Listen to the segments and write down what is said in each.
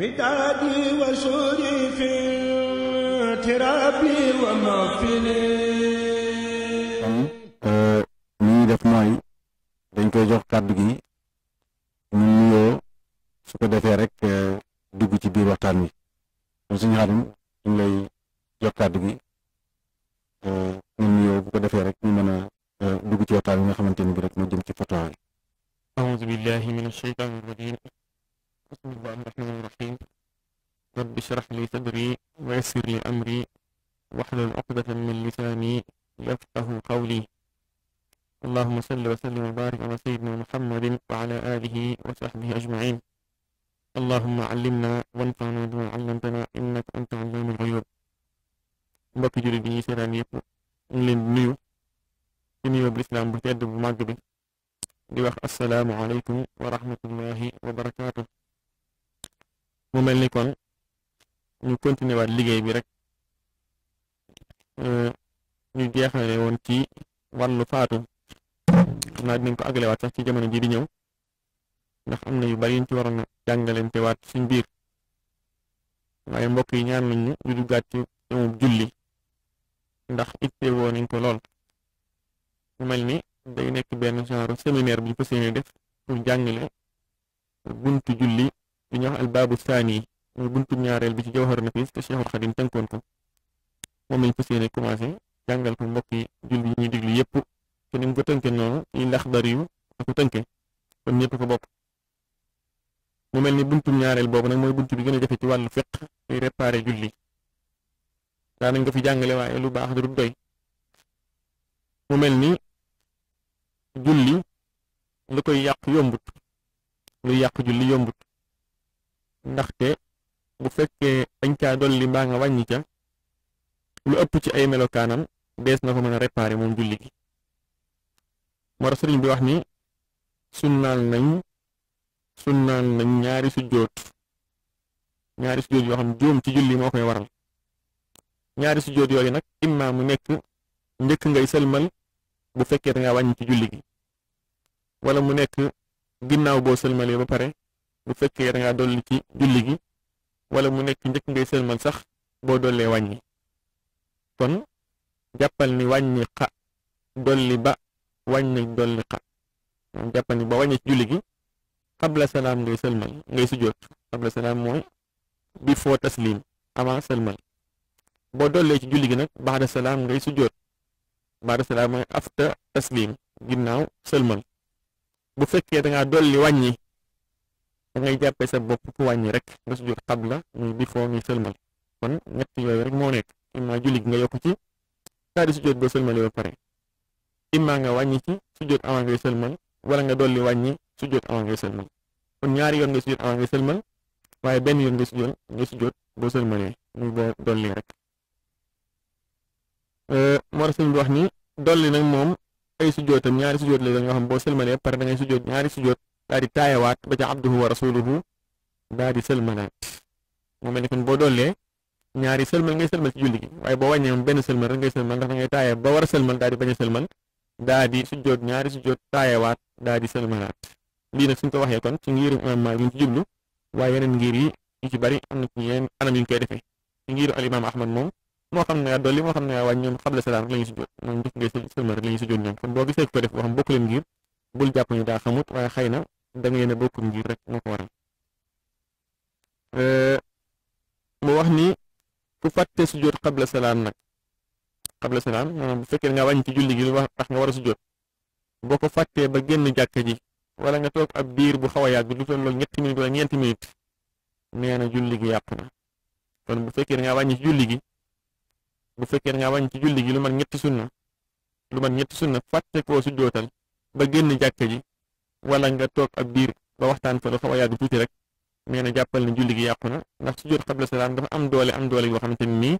ودادي وسوري في ترابي ومغفلي kon euh, li def mooy dañ koy jox kàddu gi ñu nuyoo su ko defee rek euh, dugg ci biir waxtaan wi kon suñu xarim ñu lay jox kàddu gi nga euh, nuyoo bu ko defee rek ñu mën a dugg ci waxtaan wi nga xamante ni bi rek moo jëm ci foto yi بسم الله الرحمن الرحيم رب اشرح لي صدري ويسر لي أمري واحلل عقدة من لساني يفقه قولي اللهم صل وسلم وبارك على سيدنا محمد وعلى آله وصحبه أجمعين اللهم علمنا وانفعنا بما علمتنا إنك أنت علام الغيوب mbokki jullit yi ñuy seetaan yëpp ñu leen di nuyu ci nuyoo bu lislaam bu tedd bu màgg bi di wax asalaamu aleykum wa rahmatullahi wa barakaatu mu mel ni kon ñu continuer waat liggéey bi rek euh, ñu jeexale woon ci wàllu faatu xam naa dinañ ko àggale waat sax ci jamono ji di ñëw ndax am na yu bari yuñ ci waroon jàngalante waat suñ biir waaye mbokk yi ñaan nañ ñu lu duggaat ci ñoom julli ndax itte woo nañ ko lool mu mel ni day nekk benn genre séminaire bu ñu ko séenee def pour jàngale buntu julli li ñuy wax albaabu saani mooy buntu ñaareel bi ci jawhar nafis te Cheikhul Khadim tënkoon ko moom lañ fas yéene commencé jàngal ko mbokki jul bi ñuy diglu yépp te ni mu ko tënke noonu yi laxdar yu a ko tënke kon ñëpp ko bokk mu mel ni buntu ñaareel boobu nag mooy buntu bi gën a jafe ci wàllu fiq muy réparé julli daa nañ ko fi jàngale waaye lu baax du doy mu mel ni julli lu koy yàq yombut lu yàq julli yombut ndaxte bu fekkee dañ caa dolli mbaa nga wàññi ca lu ëpp ci ay melokaanam dees na ko mën a réparer moom julli gi moo tax sëriñ bi wax ni sunnaal nañ sunnaal nañ ñaari sujjóot ñaari sujjóot yoo xam juum ci julli moo koy waral ñaari sujjóot yooyu nag imma mu nekk njëkk ngay sëlmal bu fekkee da nga wàññi ci julli gi wala mu nekk ginnaaw boo sëlmalee ba pare bu fekkee da ngaa dolli ci julli gi wala mu nekk njëkk ngay sëlmal sax boo dollee wàññi kon jàppal ni wàññi xa dolli ba wàññi dolli xa jàppal ni ba wàññi ci julli gi xabla salaam ngay sëlmal ngay sujjoot xabla salaam mooy bi foo taslim avant sëlmal boo dollee ci julli gi nag baxda salaam ngay sujjoot baxda salaam mooy afta taslim ginnaaw sëlmal bu fekkee da dolli wàññi da ngay jàppee sa bopp ku wàññi rek nga sujjóot xabla muy bi foo ngi sëlmal kon ñett yooyu rek moo nekk imma julli gi nga yokk ci daa di sujjóot boo sëlmalee ba pare imma nga wàññi ci sujjóot avant ngay sëlmal wala nga dolli wàññi sujjóot avant ngay sëlmal kon ñaari yoon nga sujjóot avant ngay sëlmal waaye benn yoon nga sujjóot nga sujjóot boo sëlmalee muy boo dolli rek euh, moo tax sëñ ni dolli nag moom ay da ngay sujjóot ñaari daal di taayawaat ba ca abduhu wa rasuluhu daal di sëlmalaat moo mel ni boo dollee ñaari sëlmal ngay sëlmal ci julli waaye boo wàññee moom benn sëlmal rek ngay sëlmal ndax da ngay taaya ba war a sëlmal daal di bañ a sëlmal daal di sujjoot ñaari sujjoot taayawaat daal sëlmalaat lii nag suñ ko waxee kon ci ngiru imaam Maalik luñ ci jublu waaye yeneen ngir yi yu ci bari am na ci yeneen anam yu ñu koy defee ci ngiru al imaam Ahmad moom moo xam ne nga dolli moo xam ne nga wàññi ñoom xabla salaam rek la ñuy sujjoot moom njëkk ngay sëlmal rek la sujjoot ñoom kon ko def boo bokk leen ngir bul jàpp na da ngeen a bokk njiit rek moo ko waral eh, mu wax ni ku fàtte sujjóot xabla salaam nag xabla salaam maanaam bu fekkee nga wàññi ci julli gi lu wax tax nga war a sujjóot boo ko fàttee ba génn jàkka ji wala nga toog ab biir bu xaw a yàgg lu doon loolu ñetti minute wala ñeenti minute nee na julli gi yàqu kon bu fekkee nga wàññi ci julli gi bu fekkee nga wàññi ci julli gi lu man ñetti sunna lu man ñetti sunna fàtte koo sujjootal ba génn jàkka ji wala nga toog ab diir ba waxtaan fa lu xaw yàgg tuuti rek nee na jàppal ne julli gi yàqu na ndax sujjóot xabla salaam dafa am doole am doole yoo xamante ni nii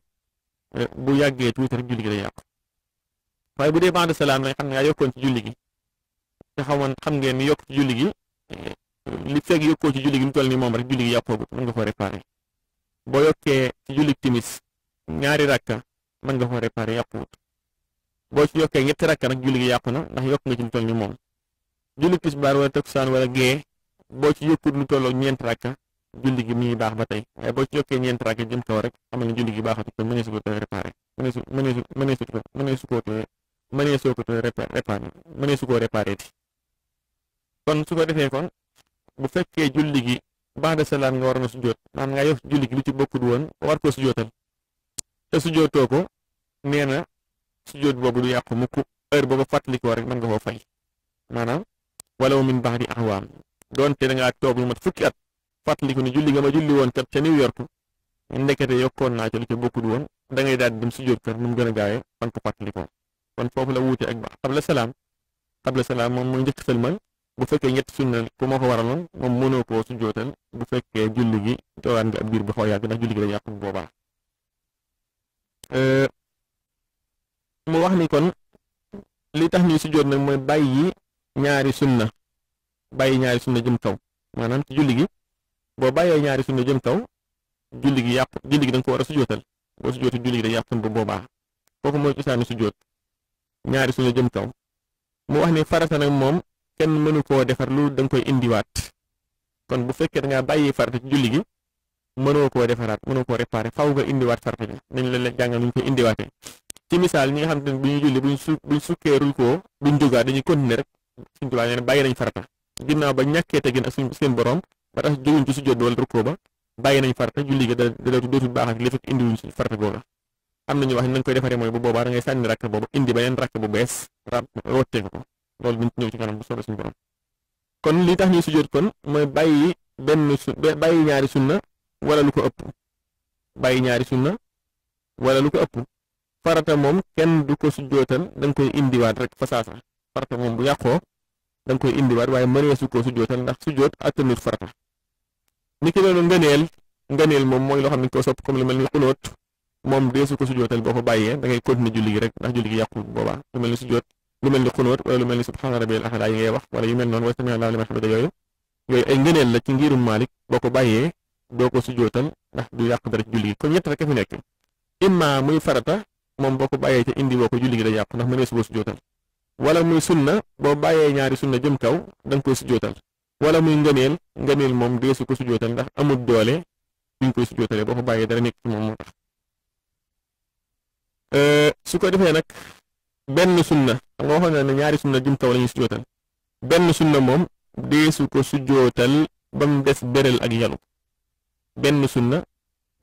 eh, bu yàggee tuuti rek julli gi la yàqu waaye bu dee ba'da salaam rek xam ne yaa yokkoon ci julli gi te xamoon xam ngeen ni yokk ci julli gi eh, li fekk ci julli gi lu ni moom rek julli gi yàqoogut mën nga koo réparé boo yokkee ci timis ñaari rakka man nga koo réparé yàquwut boo ci yokkee ñetti rakka nag julli gi yàqu na ndax yokk nga ci lu ni moom julli tisbaar wala takkusaan wala gee boo ci yokkut lu tolloog ñeent rakka julli gi mu ngi baax ba tey waaye boo ci yokkee ñeent rakka jëm kaw rek xamal ne julli gi baaxatu ko mënee su ko tee réparé mënee su mënee su mënee su ko mënee su ko tee mënee soo su ko réparé ti kon su ko defee kon bu fekkee julli gi baax de salaam nga waroon a sujjóot maanaam nga yokk julli gi lu ci bokkut woon war ko sujjóotal te sujjóotoo ko nee na sujjóot boobu du yàqu mukk heure boobu fàttalikoo rek mën nga koo fay maanaam wala walaw min baxdi ahwaam doonte da ngaa toog ma mat fukki at fàttaliku ni julli nga ma julli woon kat ca New York ndekete yokkoon naa ca lu ca bokkut woon da ngay daal di dem sujjóot kat mu gën a gaawee fan ko fàttalikoo kon foofu la wuute ak ba xabla salaam xabla salaam moom mooy njëkk sëlmal bu fekkee ñetti sunna ku moo ko waraloon moom mënoo koo sujjóotal bu fekkee julli gi toogaan nga ab biir bu xaw yàgg ndax julli gi day yàqu boobaa mu wax ni kon li tax ñuy sujjóot nag mooy bàyyi ñaari sunna bàyyi ñaari sunna jëm kaw maanaam ci julli gi boo bàyyee ñaari sunna jëm kaw julli gi yàpp julli gi da ko war a sujootal boo sujootu julli gi day yàpp bu boobaa kooku mooy cosaanu sujoot ñaari sunna jëm kaw mu wax ne farata nag moom kenn mënu koo defar lu da koy indiwaat kon bu fekkee da ngaa bàyyi farata ci julli gi mënoo koo defaraat mënoo koo réparé faaw ga indiwaat farata bi nañ la la jàngal nu ñu koy indiwaatee ci misaal ñi nga xam te ne bu ñu julli buñ su buñ sukkeerul koo duñ jógaat dañuy continuer rek suñ tubaa bàyyi nañ farata ginnaaw ba ñàkkee tegin ak suñ seen borom ba tax jóguñ ci sujjóot wala rukkoo ba bàyyi nañ farata julli ga da dootul baax ak li fekk indiwuñ ci farata googa am nañu wax nañ koy defaree mooy bu boobaa da ngay sànni rakk boobu indi beneen rakk bu bees rottee ko loolu dañ ci bu soobee suñu borom kon li tax ñuy sujjóot kon mooy bàyyi benn su bàyyi ñaari sunna wala lu ko ëpp bàyyi ñaari sunna wala lu ko ëpp farata moom kenn du ko sujjóotal da nga koy indiwaat rek fa saasa farata moom bu yàqoo da nga koy indiwaat waaye mëneesu koo sujjootal ndax sujjoot attanut farata ni ki noonu ngëneel ngëneel moom mooy loo xam ne ko sopp comme lu mel ni xunóot moom deesu ko sujjootal boo ko bàyyee da ngay continuer julli gi rek ndax julli gi yàqul boobaa lu mel ni sujjoot lu mel ni xunóot wala lu boo ko bàyyee doo ko sujjootal ndax du yàq dara ci julli gi kon ñett rek fi nekk imma muy farata moom boo ko bàyyee te indi boo ko julli gi day yàqu ndax mëneesu koo sujjootal wala muy sunna boo bàyyee ñaari sunna jëm kaw da nga koy sujjootal wala muy ngëneel ngëneel moom deesu ko sujjootal ndax amul doole duñ koy sujjootalee boo ko bàyyee dara nekk ci moom euh, su ko defee nag benn sunna xam nga ne ñaari sunna jëm kaw la ñuy sujjootal benn sunna moom deesu ko sujjootal ba mu des bérél ak yalu benn sunna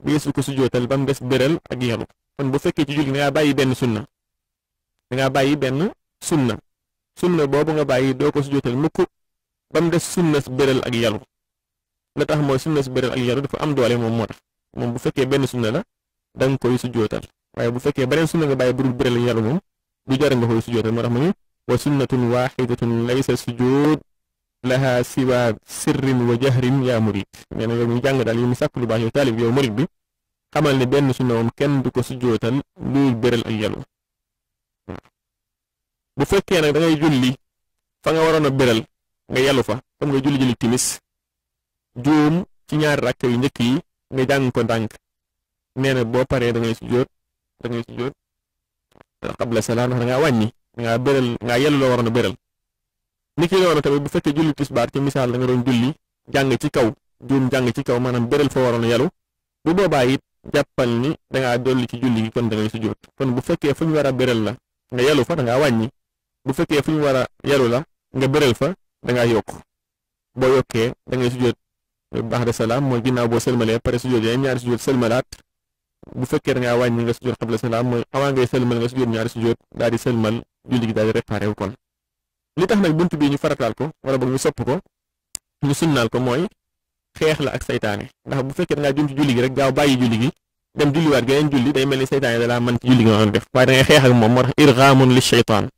deesu ko sujjootal ba mu des bérél ak yalu kon bu fekkee ci julli da bàyyi benn sunna da ngaa bàyyi benn sunna sunna boobu nga bàyyi doo ko sujootal mukk ba mu des sunna béral ak yaru la tax mooy sunna béral ak yaru dafa am doole moom moo tax moom bu fekkee benn sunna la da nga koy sujootal waaye bu fekkee beneen sunna nga bàyyi bu dul béral ak yaru moom du jar nga koy sujootal moo tax mu ne wa sunnatun waxidatun laysa sujud laha siwa sirrin wa jahrin yaa murid nee na yow ñu jàng daal yi mu sàkk lu baax yow taalib yow murid bi xamal ne benn sunna moom kenn du ko sujootal lu béral ak yaru bu fekkee nag da ngay julli fa nga waroon a béral nga yelu fa comme nga julli julli timis juum ci ñaari rakk yu njëkk yi nga jàng ko ndànk nee na boo paree da ngay sujjóot da ngay sujjóot qabla salaam ndax da ngaa wàññi da ngaa béral ngaa yellu la a béral ni ki noonu tamit bu fekkee julli tisbaar ci misaal da nga doon julli jàng ci kaw juum jàng ci kaw maanaam béral fa waroon a yellu bu boobaa it jàppal ni da ngaa dolli ci julli gi kon da ngay sujjóot kon bu fekkee fu ñu war a béral la nga yellu fa da ngaa wàññi bu fekkee fu ñu war a yaru la nga bëreel fa da ngaa yokk boo yokkee da ngay sujjóot baax de salaam mooy ginnaaw boo sëlmalee pare sujjóot yeneen ñaari sujjóot sëlmalaat bu fekkee da ngaa wàññi nga sujjóot xabla salaam mooy avant ngay daal di sëlmal julli gi daal di réparé bunt bii ñu farataal ko wala boog ñu sopp ko ñu sunnaal ko mooy xeex la ak saytaane ndax bu fekkee da ngaa julli gi rek gaaw bàyyi julli gi dem julliwaat geneen julli day mel ni saytaane da laa mën ci julli gi ma doon def waaye da xeex ak moom moo tax irgaamun li shaytaan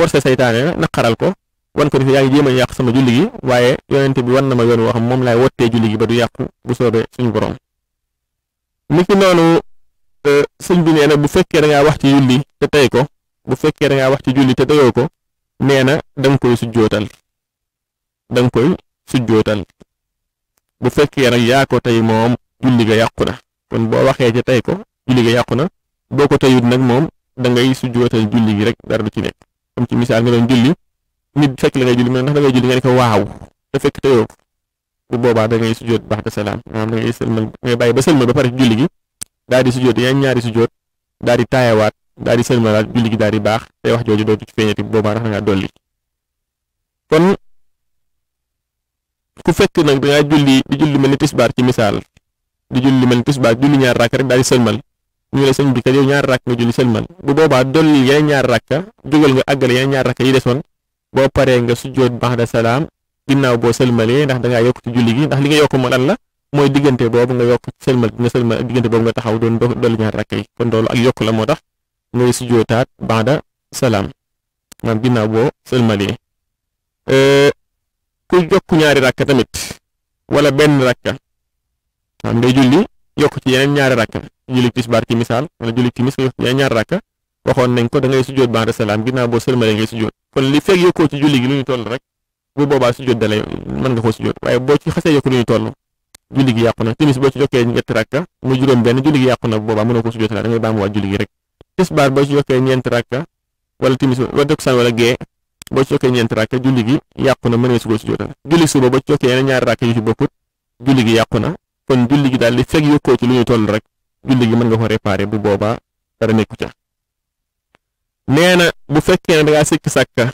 forcé saytaane la naqaral ko wan ko ni yaa ngi jéem a yàq sama julli gi waaye yonent bi wan na ma yoon waxam xam moom laay wottee julli gi ba du yàqu bu soobee suñu borom. niki noonu euh, sëñ bi nee na bu fekkee da ngaa wax ci julli te tey ko bu fekkee da ngaa wax ci julli te dayoo ko nee na da nga koy sujjootal da nga koy sujjootal bu fekkee nag yaa ko tey moom julli ga yàqu na kon boo waxee ci tey ko julli ga yàqu na boo ko teyut nag moom da ngay sujjootal julli gi rek dara ci nekk. comme ci misaal nga doon julli nit fekk la ngay julli mu ne ndax da ngay julli nga ne ko waaw te fekk teyoo bu boobaa da ngay sujjoot baax de salaam maanaam da ngay sëlmal ngay bàyyi ba sëlmal ba pare julli gi daal di sujjoot yan ñaari sujjoot daal di taayawaat daal di sëlmalaat julli gi daal di baax te wax jooju dootu ci feeñati bu boobaa tax na ngaa dolli kon ku fekk nag da ngaa julli di julli mel ni tisbaar ci misaal di julli mel ni tisbaar julli ñaar rakk rek daal di sëlmal ñu ne sëñ bi kat ñaari ràkk rakk nga julli sëlmal bu boobaa dolli yeneen ñaar rakka jógal nga àggale yeneen ñaar rakka yi desoon boo paree nga sujjoot ba'da salaam ginnaaw boo sëlmalee ndax dangaa yokk ci julli gi ndax li nga yokk moo lan la mooy boobu nga yokk ci sëlmal gi nga sëlmal diggante boobu nga taxaw doon dolli ñaar rakka yi kon loolu ak yokk la moo tax ngay sujjootaat ba'da salaam maanaam ginnaaw boo sëlmalee euh, ku yokk ñaari ràkk tamit walla benn rakka am ngay julli yokk ci yeneen ñaari rakka julli tisbaar boo ci ñu toll rek bu boobaa sujjóot dalay mën nga koo sujjóot waaye boo ci xasee yokku lu ñu toll julli gi yàqu na timis boo ci yokkee ñetti rakka mu juróom benn julli gi yàqu na bu boobaa mënoo ko sujjóot la ci yokkee ñeenti rakka wala timis gee boo ci yokkee ñeenti rakka julli gi yàqu kon julli gi daal li fekk yokkoo ci lu ñu toll rek julli gi mën nga ko réparer bu boobaa dara nekku ca nee na bu fekkee ne dangaa sikk sàkka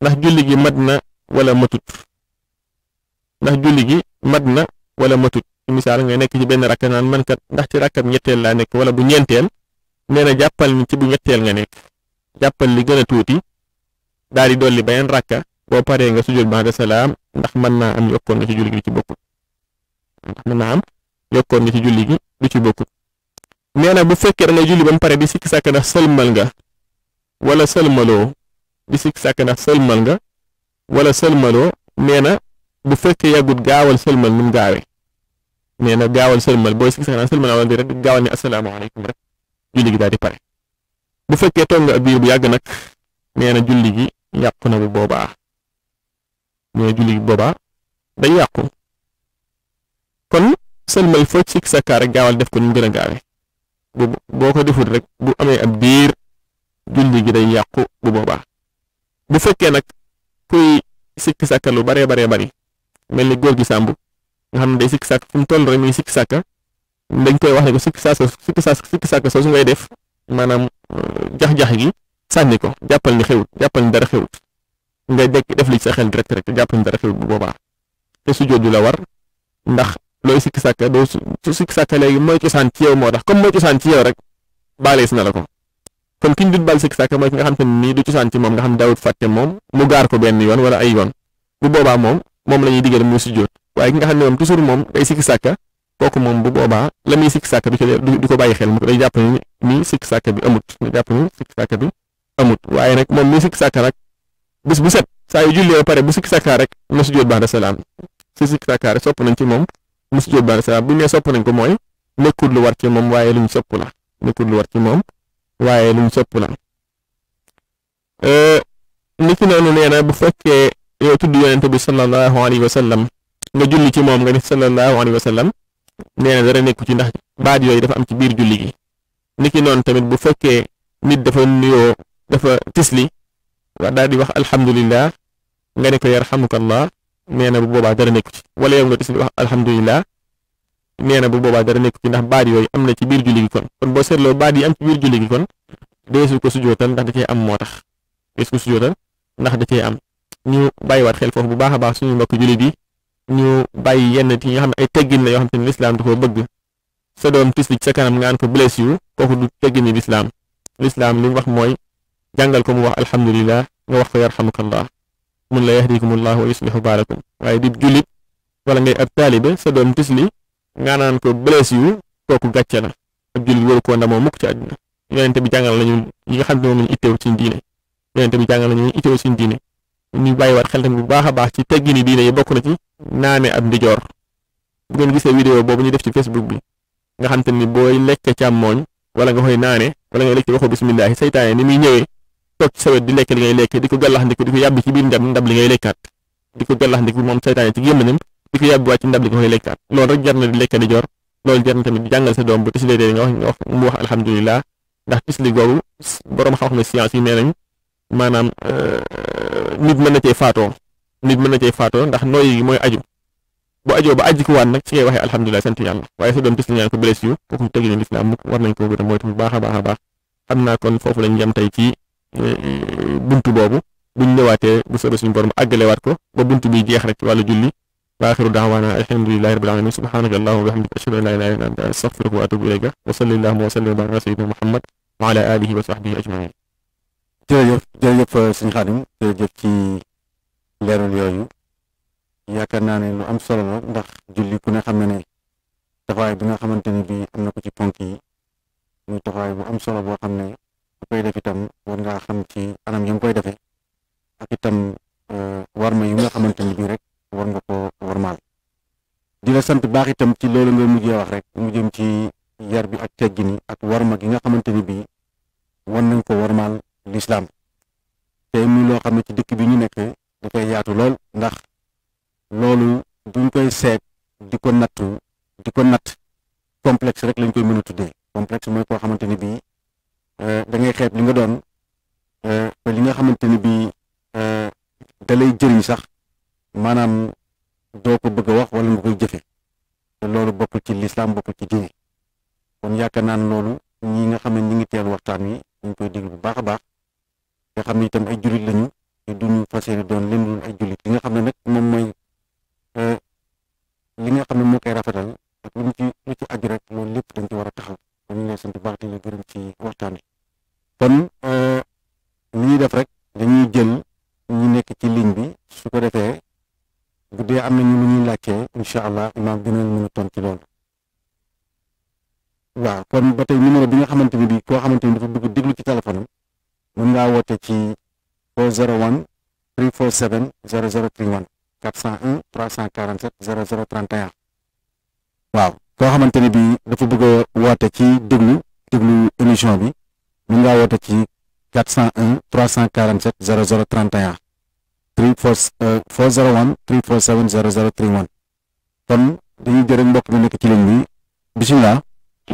ndax julli gi mat na wala matut ndax julli gi mat na wala matut ci misaal nga nekk ci benn rakka naan man kat ndax ci rakkab ñetteel laa nekk wala bu ñeenteel nee na jàppal ni ci bu ñetteel nga nekk jàppal li gën a tuuti daal di dolli beneen rakka boo paree nga sujjóot ba'da salaam ndax naa am yokkoon nga ci julli ci bokkut ndax mën naa am yokkoon nga ci julli gi du ci bokkut nee na bu fekkee da ngay julli ba mu pare di sikk sàkk ndax sëlmal nga wala sëlmaloo di sikk sàkk ndax sëlmal nga wala sëlmaloo nee na bu fekkee yàggut gaawal sëlmal nu mu gaawee nee na gaawal sëlmal booy sikk sàkk ndax di rek gaawal ne asalaamaaleykum rek julli gi daal di pare bu fekkee toog nga ab diir bu yàgg nag nee na julli gi yàqu na boobaa nee na boobaa day yàqu kon sëlmal foo sikk sàkkaar rek gaawal def ko nu mu gën a gaawee boo ko defut rek bu amee ab diir julli gi day yàqu bu boobaa bu fekkee nag kuy sikki sàkka lu baree baree bari mel ni góor gi sàmb nga xam ne day sikki sàkk fu mu toll rek muy sikki sàkka dañ koy wax ne ko sikki sàkka sikki sàkka sikki sàkka soosu ngay def maanaam euh, jax-jax gi sànni ko jàppal ni xewut jàppal ni dara xewut nga def li sa xel rek rek jàppal ni dara xewut bu boobaa te su jooju la war ndax looy sikki sàkka doo su sikki sàkka léegi mooy cosaan ci yow moo tax comme mooy cosaan ci yow rek baalees na la ko kon ki ñu dut baal sikki sàkka mooy ki nga xam te ne du cosaan ci gaar ko benn yoon wala ay yoon bu boobaa moom la ñuy digal mu sujjóot waaye nga xam ne moom toujours moom day sikki sàkka kooku moom bu boobaa la muy sikki sàkka du ci du ko xel day jàpp ni nii sikki sàkka bi amut day jàpp sàkka bi amut waaye nag moom mi sikki sàkka nag bis bu set saa yu jullee ba pare bu sikki sàkka rek na sujjóot ba'da salaam si sikki sàkka rek sopp nañ ci moom Moussa Diop Daara Salaam bu ñu nee sopp nañ ko mooy nekkul lu war ci moom waaye luñ sopp la nekkul lu war ci moom waaye luñ sopp la. nit ki noonu nee na bu fekkee yow tudd yonent bi sallallahu alayhi wa nga julli ci moom nga ni sallallahu alayhi wa sallam nee na dara ci ndax baat yooyu dafa am ci biir julli gi. ni ki noonu tamit bu fekkee nit dafa nuyoo dafa tisli wa daal di wax alhamdulillah nga nekk ko yarhamukallah nee na bu boobaa dara nekku ci wala yow nga tis ni wax alhamdulilah nee bu boobaa dara nekku ci ndax baat yooyu am na ci biir julli gi kon kon boo seetloo baat yi am ci biir julli gi kon deesu ko sujootal ndax da cee am moo tax deesu ko sujootal ndax da cee am ñu bàyyiwaat xel foofu bu baax a baax suñu mbokk jullit yi ñu bàyyi yenn ti nga xam ne ay teggin la yoo xam te ne lislaam da koo bëgg sa doom tis li ci sa kanam nga an ko bless you kooku du teggini lislaam lislaam li mu wax mooy jàngal ko mu wax alhamdulilah nga wax ko yarhamukallah mun la yahdikumullahu wa yuslihu baalakum waaye di jullit wala ngay ab taalibe sa doom tisli nga naan ko bless yu kooku gàcce la ab jullit waru koo ndamoo mukk ci àdduna yonente bi jàngal nañu yi nga xam ne moom lañu itteew suñ diine yonente bi jàngal nañu itteew suñ diine ñu bàyyiwaat xel tam bu baax a baax ci teggini diine yi bokk na ci naane ab ndijoor bu ngeen gisee vidéo boobu ñu def ci facebook bi nga xam te ni booy lekk càmmooñ wala nga koy naane wala nga lekk waxu bismillahi saytaane ni muy ñëwee toog ci sawet di lekk li ngay lekk di ko gàllax ndiku di ko yàbbi ci biir ndab ndab li ngay lekkaat di ko gàllax ndiku moom saytaane ci gémmiñam di ko yàbbiwaat ci ndab li nga koy lekkaat loolu rek jar di lekk di joor loolu jar tamit di jàngal sa doom yi nee nañ maanaam euh, nit mën na cee faatoo nit mën na cee faatoo ndax nooyi gi mooy aju bu ajoo ba aji ko waan nag ci ngay waxee alhamdulilah sant yàlla waaye sa doom tisli ñaan ko bless you kooku tegi ñu ko gën a moytu bu baax a baax a baax xam naa kon foofu lañ jëm tey ci buntu boobu buñ ñëwaatee bu soobee suñu borom àggalewaat ko ba buntu bi jeex rek ci wàllu julli wa axiru daawaana alhamdulilahi rabbil alamin subhanaka allahuma wa bihamdika ashhadu an la ilaha illa anta astaghfiruka wa atubu ilayka wa salli allahuma wa sallim ala sayyidina muhammad wa ala alihi wa sahbihi ajmain jërëjëf jërëjëf euh, sëñ Xaadim jërëjëf ci leeral yooyu yaakaar naa ne lu am solo la ndax julli ku ne xam na ne taxawaay bi nga xamante ne bii am na ko ci ponk yi muy taxawaay bu am solo boo xam ne koy def itam war ngaa xam ci anam yam koy defee ak itam euh, war ma yu nga xamante ni bii rek war nga ko warmaal di la sant baax itam ci loolu nga wax rek mu jëm ci yar bi ak teggini ak warma gi nga xamante ni bii war nañ ko warmaal lislaam tey muy loo xam ne ci dikk bi ñu nekk dafay yaatu lool ndax loolu buñ koy seet di ko nattu di natt complexe rek lañ koy mën a tuddee complexe mooy koo xamante ni bii Euh, da ngay xeeb li nga doon euh, li nga xamante ni bii euh, da lay jëriñ sax maanaam doo ko bëgg wax wala nga koy jëfe loolu bokkul ci lislaam bokkul ci diine kon yaakaar naa ne loolu ñi nga xam ne ñi ngi teel waxtaan wi ñu koy déglu bu baax a baax nga xam ne itam ay jullit lañu te fas yéene doon leen dul ay jullit li nga xam ne nag moom mooy li nga xam ne moo koy rafetal ak lu mu ci ci aju rek loolu lépp dañ ci war a taxaw kon ñu ngi lay sant bu baax di la ci waxtaan wi kon euh, li ñuy def rek dañuy jël ñu nekk ci ligne bi su ko defee bu dee am nañu lu ñuy laajtee incha allah imaam dinañ mën ton ci loolu waaw kon ba tey numéro bi nga xamante ni bi koo xamante ni dafa bëgg déglu ci téléphone am mën woote ci 001 347 0031 401 347 0031 waaw koo xamante ni bi dafa bëgg a woote ci déglu déglu émission bi mën ngaa woote ci 401 347 00 31 34 401 347 00 31 kon dañuy jërë mbokk mi nekk ci ligne bi bisimilah.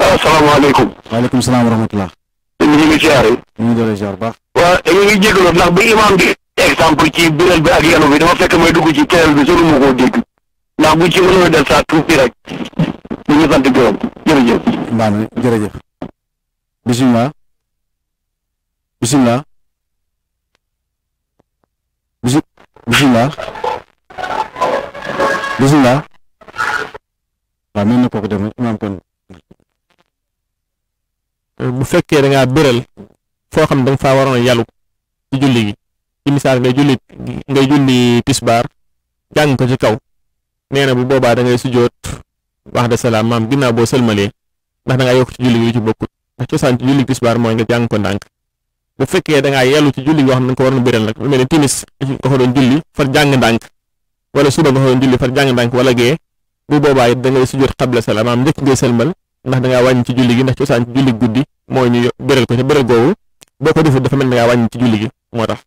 asalaamaaleykum. waaleykum salaam wa rahmatulah. ñu ngi ziar. ñu ngi doon ziar baax. waaw ñu ngi jégalu ndax bi imaam bi exemple ci biral bi ak yanu bi dama fekk may dugg ci teel bi solo mu koo dégg ndax bu ci mënoon def saa tuuti rek ñu ngi sant gërëm jërëjëf. mbaa mi jërëjëf bisimilah. bisimilah bisi bisimilah bisimilah waaw mel na kooku dem imaam kon euh, bu fekkee da ngaa bëral foo xam ne da faa waroon a yàllu ci julli gi ci misaal ngay julli ngay julli tisbaar jàng ko ci kaw nee na bu boobaa dangay ngay sujjoot wax de salaam maam ginnaaw boo sëlmalee ndax da ngaa yokk ci julli gi lu ci bokkut ndax cosaan ci julli tisbaar mooy nga jàng ko ndànk bu fekkee dangaa ngaa yellu ci julli yoo xam ne nga ko waroon biral nag lu mel ne timis nga ko doon julli far jàng ndànk wala suba nga ko doon julli far jàng ndànk wala gee bu boobaa it da ngay sujjóot xabla salaam maanaam njëkk ngay sëlmal ndax da ngaa wàññi ci julli gi ndax cosaan ci julli guddi moo ñu biral ko te biral googu boo ko defut dafa mel ne ngaa wàññi ci julli gi moo tax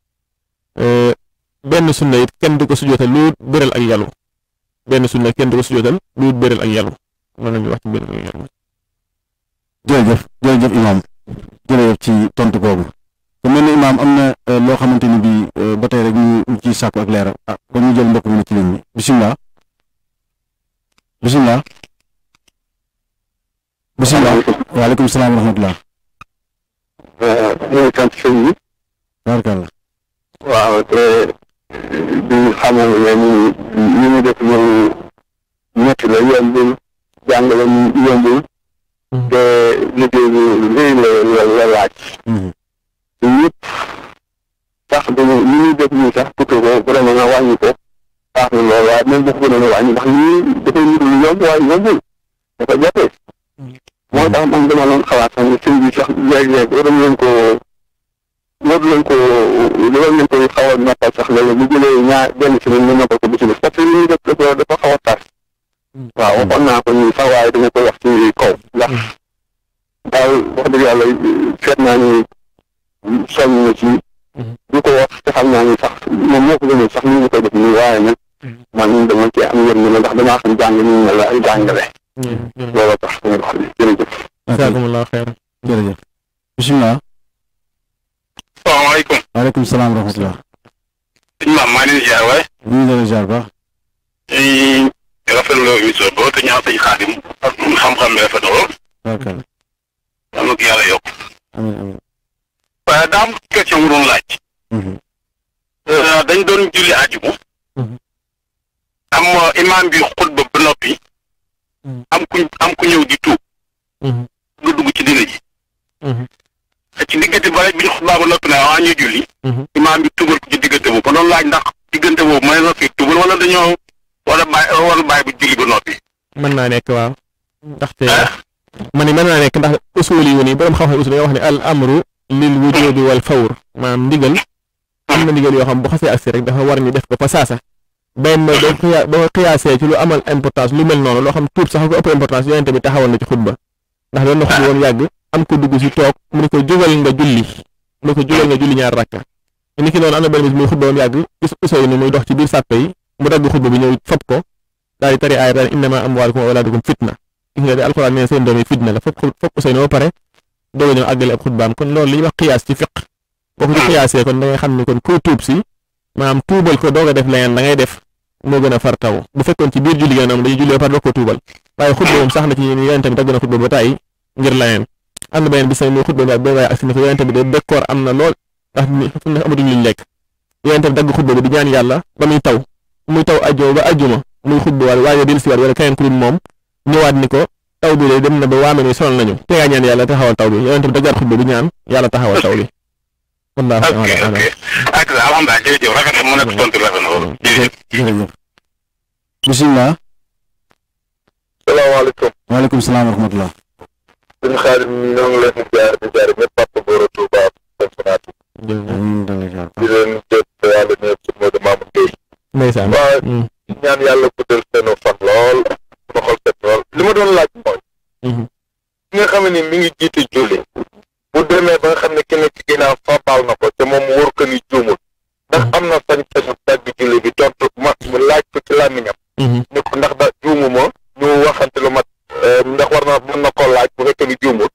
benn sunna it kenn du ko sujjóotal lu biral ak yàllu benn sunna kenn du ko sujjóotal lu biral ak yàllu moom la ñuy wax ci biral ak yàllu ci tontu googu bu mel ni imaam am na euh, loo xamante ni bii euh, ba rek ñu ciy sàkku ak leeral ah kon jël mbokk mi ci ligne bi bisimilah bisimilah. bisimilah waaleykum salaam wa rahmatulah. Euh, ñu waaw te ñu xamal ne ñu ñu def mooy métti la yombul jàngale yombul. Mm-hmm. te liggéey la laaj. Mm-hmm. yëpp sax dañu li ñuy def nii sax pour que vraiment nga wàññi ko baax na lool waaye même bu ko gënoon a wàññi ndax lii dafay nit lu yomb waaye yombul dafa jafe moo tax man dama doon xalaat sax ne sëñ bi sax léeg-léeg waroon leen ko war leen ko waroon leen koy xaw a noppal sax léegi bu jëlee ñaar benn semaine ñu noppal ko bu si parce que li ñuy def dafa dafa xaw a tas waaw waxoon naa ko ñun sax waaye dama koy wax ci kaw ndax daal wax dëgg yàlla seet naa ni soññ na ci mhm. ko wax te xam naa ni sax moom moo ko gënal sax ni ñu koy waaye mhm. man dama cee am yéen ma ndax damaa xam jàng ni ne la jàngale mhm. looloo tax sama wax bi jërëjëf jazaakumullah xeyran jërëjëf bismillah salaamaaleykum waaleykum salaam wa rahmatullah sëñ maam maa leen ziar te ñaan sëñ Xaadim xam-xam bi rafet na lool yàlla na ko yàlla yokk waaye daa am question mu doon laaj. Mhm. Euh, dañ doon julli àjjuma. Mhm. am euh, imaam bi xutba ba noppi. Mhm. am ku am ku ñëw di tuub. nga dugg ci dina ji. ci diggante ba bi ñu xutba ba noppi nag waa ñu julli. imaam bi tuubal ko ci diggante boobu ba laaj ndax diggante boobu mën na koy tuubal dañoo war a bàyyi a bu julli ba noppi. mën naa nekk ndax ndaxte man mën naa nekk ndax usul yu nii borom xam-xam usul yi ne al amru. lil wujudi wal fawr maanaam ndigal am na ndigal yoo xam bu xasee agsi rek dafa war ñu def ko fa saasa benn boo xiyaasee importance lu mel noonu loo xam tuub sax ko ëpp importance yonente bi taxawoon na ci xutba ndax doon yàgg am ko dugg si toog mu ne ko jógal nga julli mu ne ko jógal nga julli ñaar rakka ni ki noonu am na benn bis muy xutba woon yàgg gis usay ni muy dox ci biir sàppe yi mu dagg xutba bi ñëw fop ko daal di tari aaya daal innama amwaalukum wa awlaadukum fitna gis nga de alxuraan nee seen doom yi fitna la fop fop usay ni ba pare doog a ñëw àggale ab xutbaam kon loolu li ñuy wax xiyaas ci fiq kooku ñu xiyaasee kon da ngay xam ne kon koo tuub si maanaam tuubal ko doog a def leneen da def moo gën a far taw bu fekkoon ci biir julli ngeen am dañuy julli ba pare doog ko tuubal na ci yonent bi dagg na xutba ba tàyyi ngir leneen am na beneen bis nag muy xutba ba bay si ne ko yonent bi de bekkoor am na lool ndax ba di ñaan yàlla ba muy taw muy taw ajjuma ba ajjuma muy xutba waaye waaye dellusiwaat wala keneen ku dul moom ñëwaat ni ko taw bi de dem na ba waame ne sonal nañu te nga ñaan yàlla taxawal taw bi yonent bi dajaat xutba bi ñaan yàlla taxawal bi. wallaahi ok ok ak alhamdulilah jërëjëf rafet na mu nekk tontu rafet na salaam wa rahmatulah. suñu xaalis ñoo ngi leen di jaar di jaar mm. fan lool. li ma doon laaj mooy mhm. ki nga xam ne mi ngi jiite julli bu demee ba nga xam ne kenn ci ginnaaw fabaal na ko te moom wóor ko ni juumul ndax mhm. am na sañ-sañu dagg julli bi tontu ma mu laaj ko ci làmmiñam mhm. ni ko ndax da juumuma lu mat euh, ndax war na mën na ko laaj bu fekkee ni juumul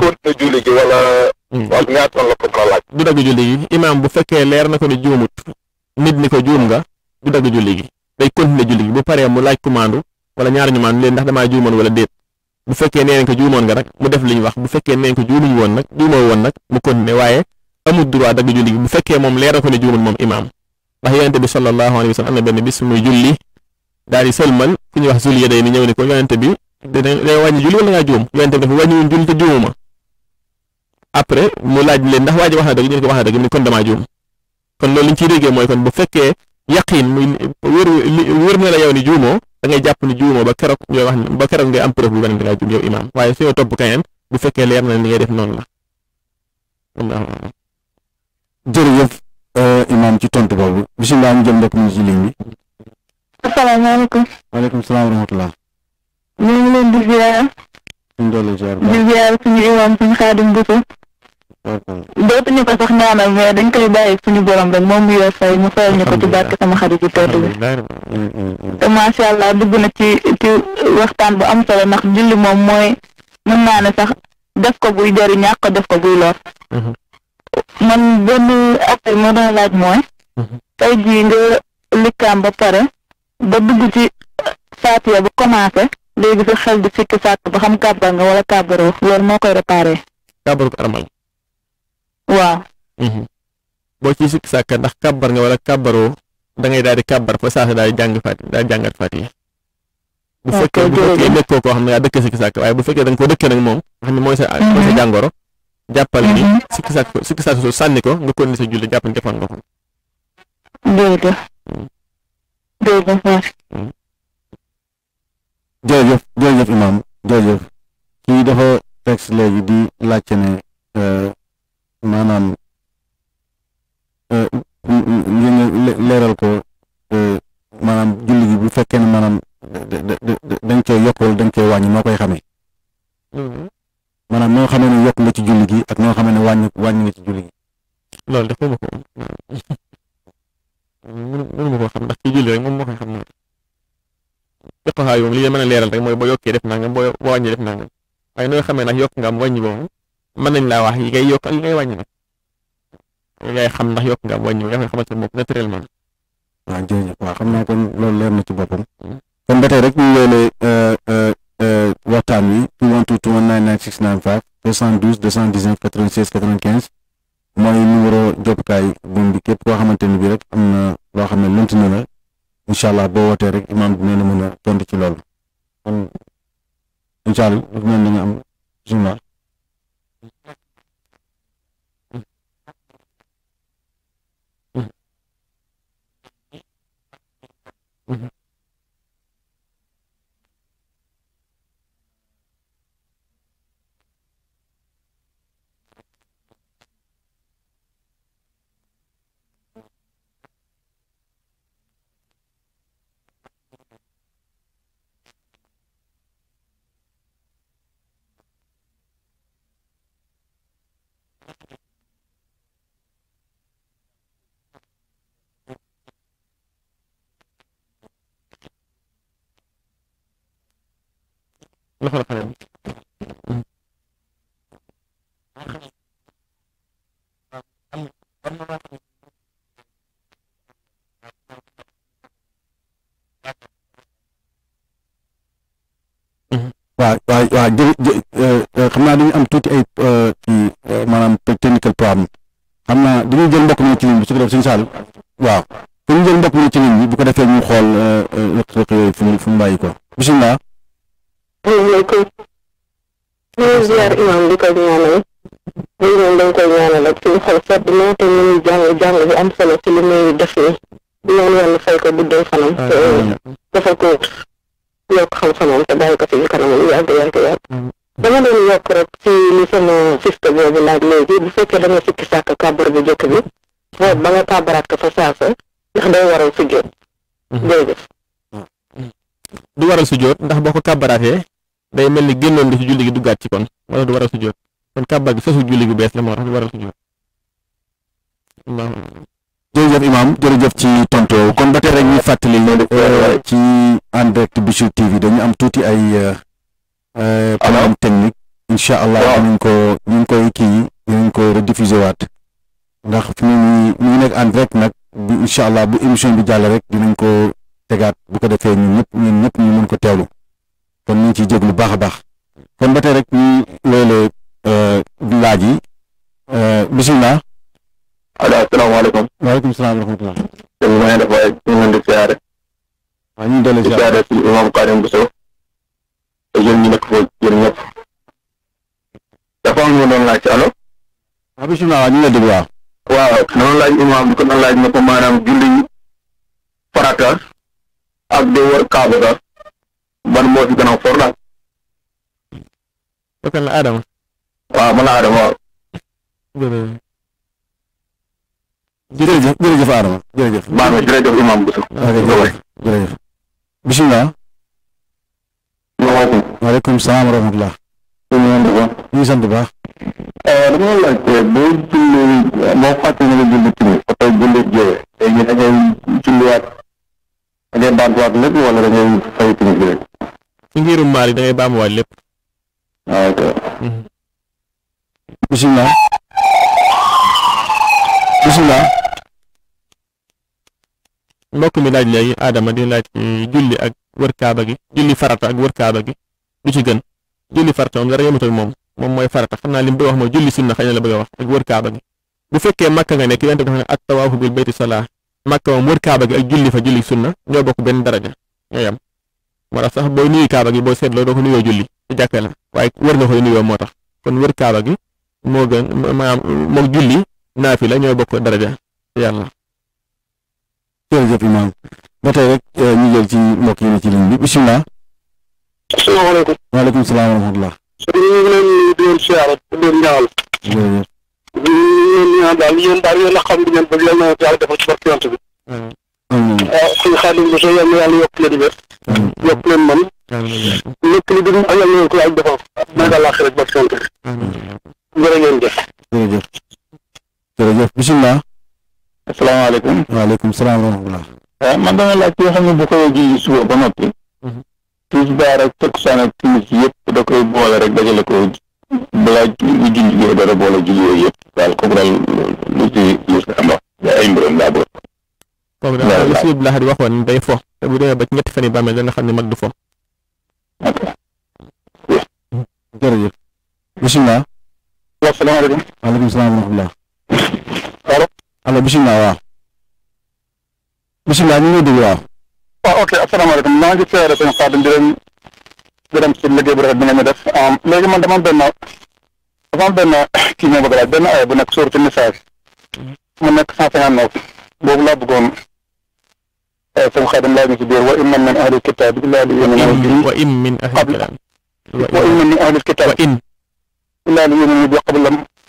continue julli gi wala la ko mën a laaj du dagg julli bu fekkee leer na ko ni juumut nit ni ko juum nga du dagg julli gi day continuer julli bu paree mu laaj commande wala ñaari ñu maan leen ndax damaa juumoon wala déet bu fekkee nee nañ ko juumoon nga nag mu def li ñu wax bu fekkee nee nañ ko juumuñ woon nag juumoo woon nag mu continuer waaye amul droit bu fekkee moom leer na ko ne juumoon moom imaam ndax yonente bi sallallahu alayhi wa sallam am na benn bis muy julli daal di ñuy wax zul yaday ni ñëw ni ko yonente bi dana wàññi julli wala ngaa juum yonente bi dafa wàññiwuñ julli te juumuma après mu laaj leen ndax waa ji wax na dëgg ñu ne ko wax na dëgg mu ne kon damaa juum kon loolu liñ ciy déggee mooy kon bu fekkee yaqin muy wër wër na la yow ni juumoo da ngay jàpp ne juumoo ba keroog ngay wax ba keroog ngay am preuve bu beneen da ngaa juum imaam waaye fi nga topp keneen bu fekkee leer na li ngay def noonu la. jërëjëf euh, imaam ci tontu boobu bisimilah ñu jëm ndek ñu ci ligne bi. asalaamaaleykum. maaleykum salaam wa rahmatulah. ñu ngi leen di dootuñu ko sax ñaanal mais dañ koy bàyyi suñu borom rek moom mu yor fay mu fayal ñu ko ci barke sama xarit yi tedd bi te macha allah dugg na ci ci waxtaan bu am solo ndax julli moom mooy mën naa ne sax def ko buy jëriñ ñàkk ko def ko buy lor mhm. man benn appel moo doon laaj mooy mhm. tey jii likkaam ba pare ba dugg ci faatiya ba commencé léegi sa xel di sikki ba xam kàbbar wala kàbbaroo loolu moo koy réparé waaw. Mhm. boo ci sikk sàkk ndax kàbbar nga wala kàbbaroo da ngay daal di kàbbar fa saasa daal di jàng faat daal yi. bu fekkee bu fekkee xam ne yaa dëkk sikk sàkk bu fekkee da nga koo dëkkee nag moom nga mhm. jàngoro jàppal ni mhm. sikk sàkk sikk sànni ko nga kon sa julli jàppal jàppal nga ko. jërëjëf. jërëjëf. jërëjëf jërëjëf Imaam jërëjëf dafa texte léegi di laajte ne. Euh, maanaam ngeen euh, leeral ko euh, maanaam julli gi bu fekkee ne maanaam dañ cee yokk wala dañ cee wàññi noo koy xamee mm-hmm. maanaam noo xamee ne yokk nga ci julli gi ak noo xamee ne wàññi wàññi nga ci julli gi loolu def ma ko mënu ma ko xam ndax ci julli rek moom moo koy xam na fiqahaa yi moom li ngeen mën a leeral rek mooy boo yokkee def nangam boo wàññee def nangam waaye nooy xamee nag yokk nga am wàññi boobu mën nañ laa wax yi ngay yokk ak yi ngay wàññi nag yi ngay xam ndax yokk nga am wàññi nga koy xamal sa bopp naturellement. waaw jërëjëf xam naa kon loolu leer na ci boppam. Hmm. kon ba tey rek ñu ngi lay euh, euh, euh, waxtaan wi 212 219 965 212 219 96 95 mooy numéro jokkukaay buum bi képp koo xamante ni bii rek am na loo xam ne lënt na la incha allah boo wootee rek imaam dina la mën a tontu ci loolu kon incha allah am bisimilah. Mm-hmm. mm-hmm. mm-hmm. waaw waaw waaw jërëjëf xam naa dañu am tuuti ay euh, kii euh, maanaam technical problem xam naa dañuy jël mbokk mi ne ci ligne bi su ko defee suñu saal waaw dañuy jël mbokk mi ne ci bi bu ko defee ñu xool euh, rëq-rëq yooyu fu mu fu mu bàyyi ko bisimilah. moom mm-hmm. mooy kër ñuy ziar imam di ko ñaanal léegi moom ñu am solo li muy def ni ñoom yàlla fay ko guddal fanam te dafa ko yokk xam-xamam te bàyyi ko ci kanamam yàgg yàgg yàgg dama doon yokk rek ci li sama siste boobu laaj léegi bu fekkee da nga sàkk kàbbar bu jëkk bi ba nga kàbbaraat ko fa saasa ndax day waral sujjóot ndax boo ko kàbbaraatee day mel ni génnoon nga ci julli gi duggaat ci kon moo tax du waral sujjóot kon kàbbar gi sosu julli gu bees la moo tax du waral sujjóot jërëjëf imam jërëjëf ci tonto kon ba tey rek ñu fàttali ci en direct Bichri TV dañu am tuuti ay euh, euh, problème technique incha allah dinañ ko ñu ngi koy kii dinañ ko rediffuser waat ndax fi mu ngi nekk en direct nag bi incha allah bu émission bi jàll rek dinañ ko tegaat bu ko defee ñun ñëpp ñun ñëpp ñu mën ko teewlu kon ñu ngi ciy jég lu baax a baax kon ba tey rek ñu loolee euh, laaj yi euh, bisimilah. asalaamaaleykum. waaleykum salaam wa rahmatulah. sëñ bi ma ne def waaye ñu ngi leen di siyaare. waaw ñu ngi dellu nekk dafa am doon laaj allo. waaw bisimilah waaw waaw. waaw dama laaj imam ko doon laaj ne maanaam julli farata ak di wër kaaba ban moo ci gën a for daal. kooku Adama. waaw man la Adama waaw. jërëjëf jërëjëf Adama jërëjëf. baax na jërëjëf Imaam Bousso. jërëjëf jërëjëf. bisimilah. salaamaaleykum. waaleykum salaam wa rahmatulah. ñu ngi sant bu eh, boo julli boo fàtte nga julli timi ba tey julli jëwee léegi da ngay julliwaat da ngay baatuwaat lépp wala da ngay ci ngirum maar yi da ngay baamuwaat lépp. waaw ah, ok. Mm-hmm. bisimilah. bisimilah. mi laaj léegi Adama di laaj mm, julli ak wër kaaba gi julli farata ak wër kaaba gi lu ci gën julli farata moom dara yemut ak moom moom mooy farata xam naa li mu bëgg wax mooy julli sunna xëy na la bëgg a wax ak wër kaaba gi bu fekkee makka nga nekk yonent bi dafa ne at tawaafu bil bayti makka moom wër kaaba gi ak julli fa julli sunna ñoo bokk benn daraja ñoo yam moo tax sax booy nuyu kaaba gi boo seetloo doo ko nuyoo julli ci jàkka la waaye wër nga koy nuyoo moo tax kon wër kaaba gi moo gën moo moog julli naafi la ñooy bokk daraja yàlla. jërëjëf imaam ba tey rek eh, ñu jël ci mbokk yi ci ligne bi bisimilah. asalaamaaleykum. waaleykum salaam wa rahmatulah. ñu ngi leen di daal yéen daal yéen a xam di ngeen bëgg yàlla na bi. Mm. waaw suñu xaadim bi soo yàlla yàlla yokk leen wér yokk leen man lépp lu dul yàlla ngeen ko laaj defal naka laax rek ba sant jërë ngeen jëf jërëjëf jërëjëf bisimilah asalaamaaleykum waaleykum salaam wa rahmatulah waaw eh, man dama laaj yoo xam ne bu koy ji suba ba noppi mhm. tisbaar ak takkusaan ak timis yëpp da koy boole rek dajale ko balaa ñu julli dara boole julli yooyu yëpp daal kooku daal lu ci lu ci am wax ay mbiram daa bëgg kooku daal li Sëñ Lahad waxoon day fo te bu ba ci fan yi bàmmeel da nga xam ne mag du fo. jërëjëf. bisimilah. asalaamaaleykum. waaleykum salaam wa rahmatulah. allo. allo bisimilah waaw. bisimilah ñu ngi lay dégg waaw. waaw ah, ok asalaamaaleykum maa ngi seere seen xaadim di leen gërëm ci liggéey bu rafet bi nga ñu def um, léegi man dama am benn dafa am benn kii moo bëgg laaj benn aaya bu nekk sóoratu Nisaa mm-hmm. mu nekk cent cinquante boobu laa bëggoon. sëñ Xaadim laaj na ci biir wa in min ahli kitaab illaa li yu'minu bihi wa in min ahli kitaab wa in min ahli kitaab illaa li yu'minu bihi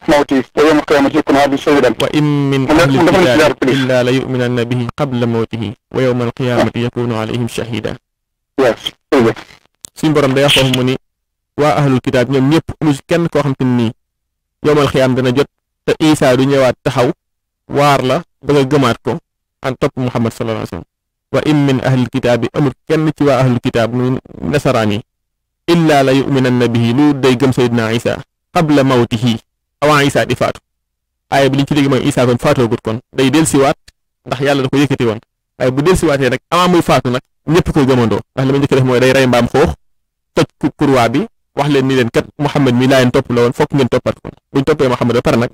qabla mawtihi wa yawma al-qiyaamati yakuunu alayhim shahiidan wa in min ahli kitaab illaa la yu'minanna bihi qabla mawtihi wa yawma al-qiyaamati ah. yakuunu alayhim shahiidan suñu borom day wax foofu mu ni waa ahlul kitaab ñoom ñëpp amul kenn koo xam te nii yawmal qiyaam dana jot te Isaa du ñëwaat taxaw waar la ba nga gëmaat ko an topp Muhammad sallallahu alayhi wa sallam wa in min ahlil kitaabi amul kenn ci waa ahlul kitaab muy nasaraan yi illaa la yuminanna bihi lu day gëm sayyidina isa qabla mawtihi avant isa di faatu waaye bi liñ ci dégg mooy isa kon faatoogut kon day delsiwaat ndax yàlla da ko yëkkati woon waaye bu delsiwaatee nag avant muy faatu nag ñëpp koy gëmandoo ndax li ma njëkk def mooy day rey mbaam xoox toj kurwaa bi wax leen ni leen kat Muhammad mi laa leen topp la woon fokk ngeen toppat ko buñ toppee Muhammad ba pare nag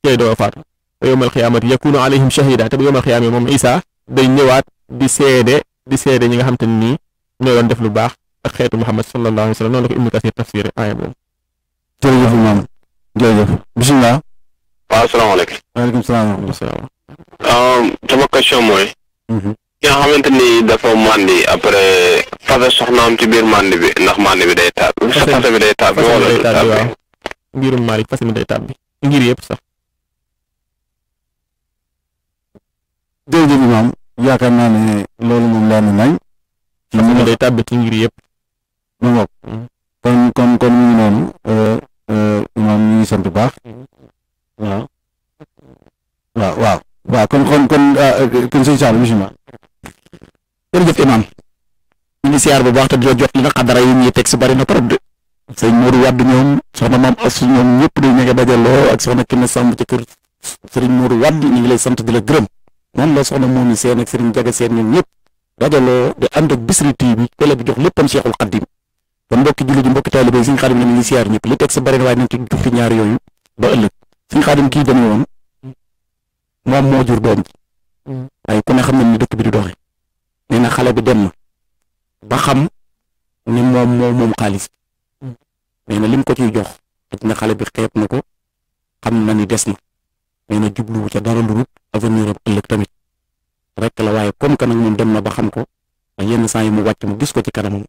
cay doo faatu te yowmal xiyaamati yakunu alayhim shahida te bu yowmal moom isa day ñëwaat di seede di seede ñi nga xam te ne nii ñoo doon def lu baax ak xeetu Muhammad sallallahu alayhi wa sallam noonu la ko Ibnu Kasir tafsir aaya boobu. jërëjëf maam um, mhm. ni dafa màndi après fase soxnaam ci biir màndi bi ndax màndi bi day taab. fase day taab bi wala du taab ngir yëpp sax. maam. yaakaar naa ne loolu moom laa ne nañ. ci li nga day tàbbi ngir yëpp. mu ngoog mm-hmm. kon kon kon mu euh, euh, ñu ngi sant bu baax. waaw waaw waaw waaw kon kon kon euh, kon sëñ Saalum bisimilah. jërëjëf imaam ñu ngi siyaar bu baax te di la jot li nga xadara yi ñuy teg si bari na trop de. sëñ Modou Wade ñoom soxna maam Asou ñoom ñëpp dañu nekk dajaloo ak soxna Kine Samb ci kër Serigne Modou Wade ñu ngi lay sant di la gërëm. moom la soxna moomi seen ak sëriñ jaga seen ñoom ñëpp dajaloo di ànd ak Bichri TV bi bi jox léppam Cheikhul Khadim ba mbokki julli ji mbokki taalibe suñ xaadim ne mi ngi siyaar ñëpp li teg sa bari na waaye nañ ci jukki ñaar yooyu ba ëllëg suñ kii dem woon moom moo jur doom ji waaye ku ne xam na ni dëkk bi di doxee nee na xale bi dem na ba xam ni moom moo moom xaalis bi mm. na lim ko ciy jox daj na xale bi xeeb na ko xam na ni des na nee na jubluwu ca dara lu rut avenir am ëllëg tamit rek la waaye comme que moom dem na ba xam ko ndax yenn saa mu wàcc mu gis ko ci kanamam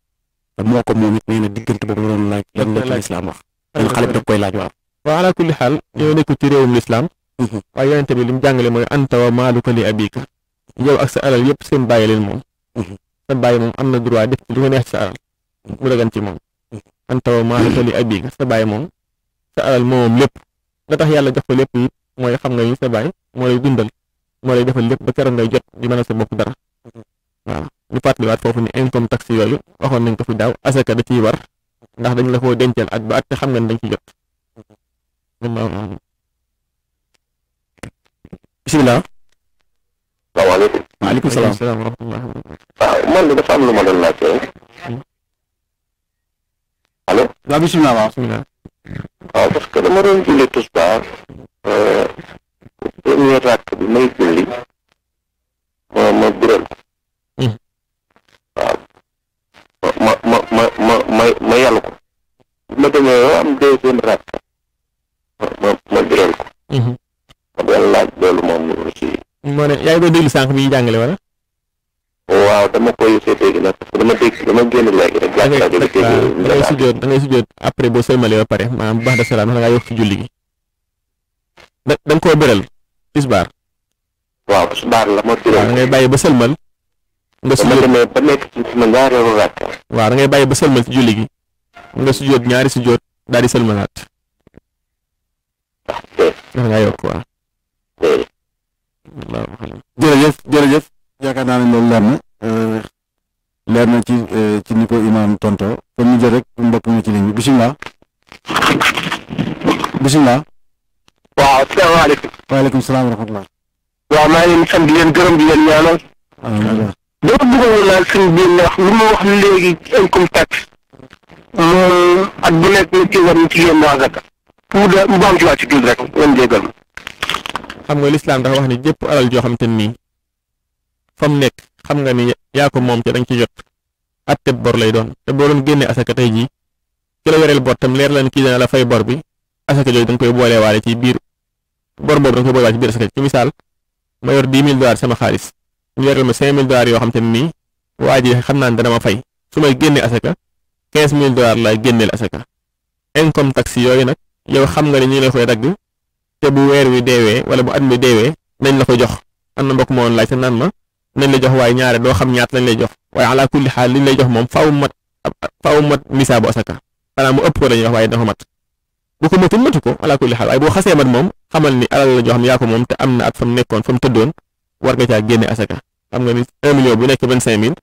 te moo ko moom it nee na diggante boobu la doon laaj. la ci lislaam wax lan xale mhm. bi li mu jàngale mooy anta wa maaluka li abika yow ak sa alal yëpp seen bàyyi leen moom. Mhm. sa bàyyi moom am na droit def ci lu ko neex ci sa alal mhm. mu dagan ci moom. anta wa maaluka li abika sa bàyyi moom sa alal moom lépp nga tax yàlla jox ko lépp mooy xam nga yi sa baay moo lay dundal moo lay defal lépp ba keroog ngay jot di mën sa bopp dara waaw ñu fàttaliwaat foofu ni income tax yooyu waxoon nañ ko fi daaw asaka da ciy war ndax dañ la koo dencal ak ba at te xam nga dañ ci salaam waaw ah, man de dafa am lu ma doon laajte hmm. allo waaw bismillah waaw waaw ah, parce que dama doon julli tisbaar premier rakk bi may julli ma ma moo ne yaa ngi doon déglu sànq bi jàngale wala waaw dama koy seetee nag dama dégg dama génn léegi rek. da sujjoot da sujjoot après boo sëlmalee ba pare maanaam bu baax de salaam da ngaa yokk ci julli gi. da da nga koo beral tisbaar. waaw tisbaar la da ngay bàyyi ba sëlmal. nekk ci sama ñaareelu waaw da ngay bàyyi ba sëlmal ci julli gi nga sujjoot ñaari sujjoot daal di sëlmalaat. waaw da yokk waaw. yaakaar naa ne loolu leer na euh, leer ci euh, ci ni ko imaam tonto kon ñu jël rek mbokk mi ci ligne bi bisimilah waaw salaamaaleykum. waaleykum salaam wa rahmatulah. waaw maa leen di leen gërëm di leen ñaanal. alhamdulilah. dama bëggoon laal suñu biir ndax ma wax léegi income tax. moom bu nekk nit ci war nit ci yéen waa Zaka. mu de mu baam ci waat rek ngeen jégal ma. xam nga lislaam dafa wax ni jëpp alal joo xam te nii. fa nekk xam nga ni yaa ko moom ca dañ nga ci jot at teb bor lay doon te boo doon génnee asaka tey jii ki la yoreel bor tam leer lan kii dana la fay bor bi asaka jooju da nga koy boolewaale ci biir bor boobu da nga koy boolewaale ci biir asaka ci misaal ma yor dix mille dollars sama xaalis mu yoreel ma cinq mille yoo xam te ne nii waa ji xam naa ne dana ma fay su may génnee asaka quinze mille dollars laay génneel asaka income tax yooyu nag yow xam nga ne ñu la koy dagg te bu weer wi deewee wala bu at mi deewee nañ la ko jox am na mbokk moo woon naan ma nañ la jox waaye ñaare doo xam ñaat lañ lay jox waaye ala kulli xaal liñ lay jox moom faaw mat faaw mat nisaabu asaka maanaam mu ëpp ko dañuy wax waaye dafa mat bu ko matul matu ko ala kulli xaal waaye boo xasee mat moom xamal ni alal la joo xam yaa ko moom te am na at fa mu nekkoon fa mu tëddoon war nga caa génne asaka xam nga ni un million bu nekk vingt cinq mille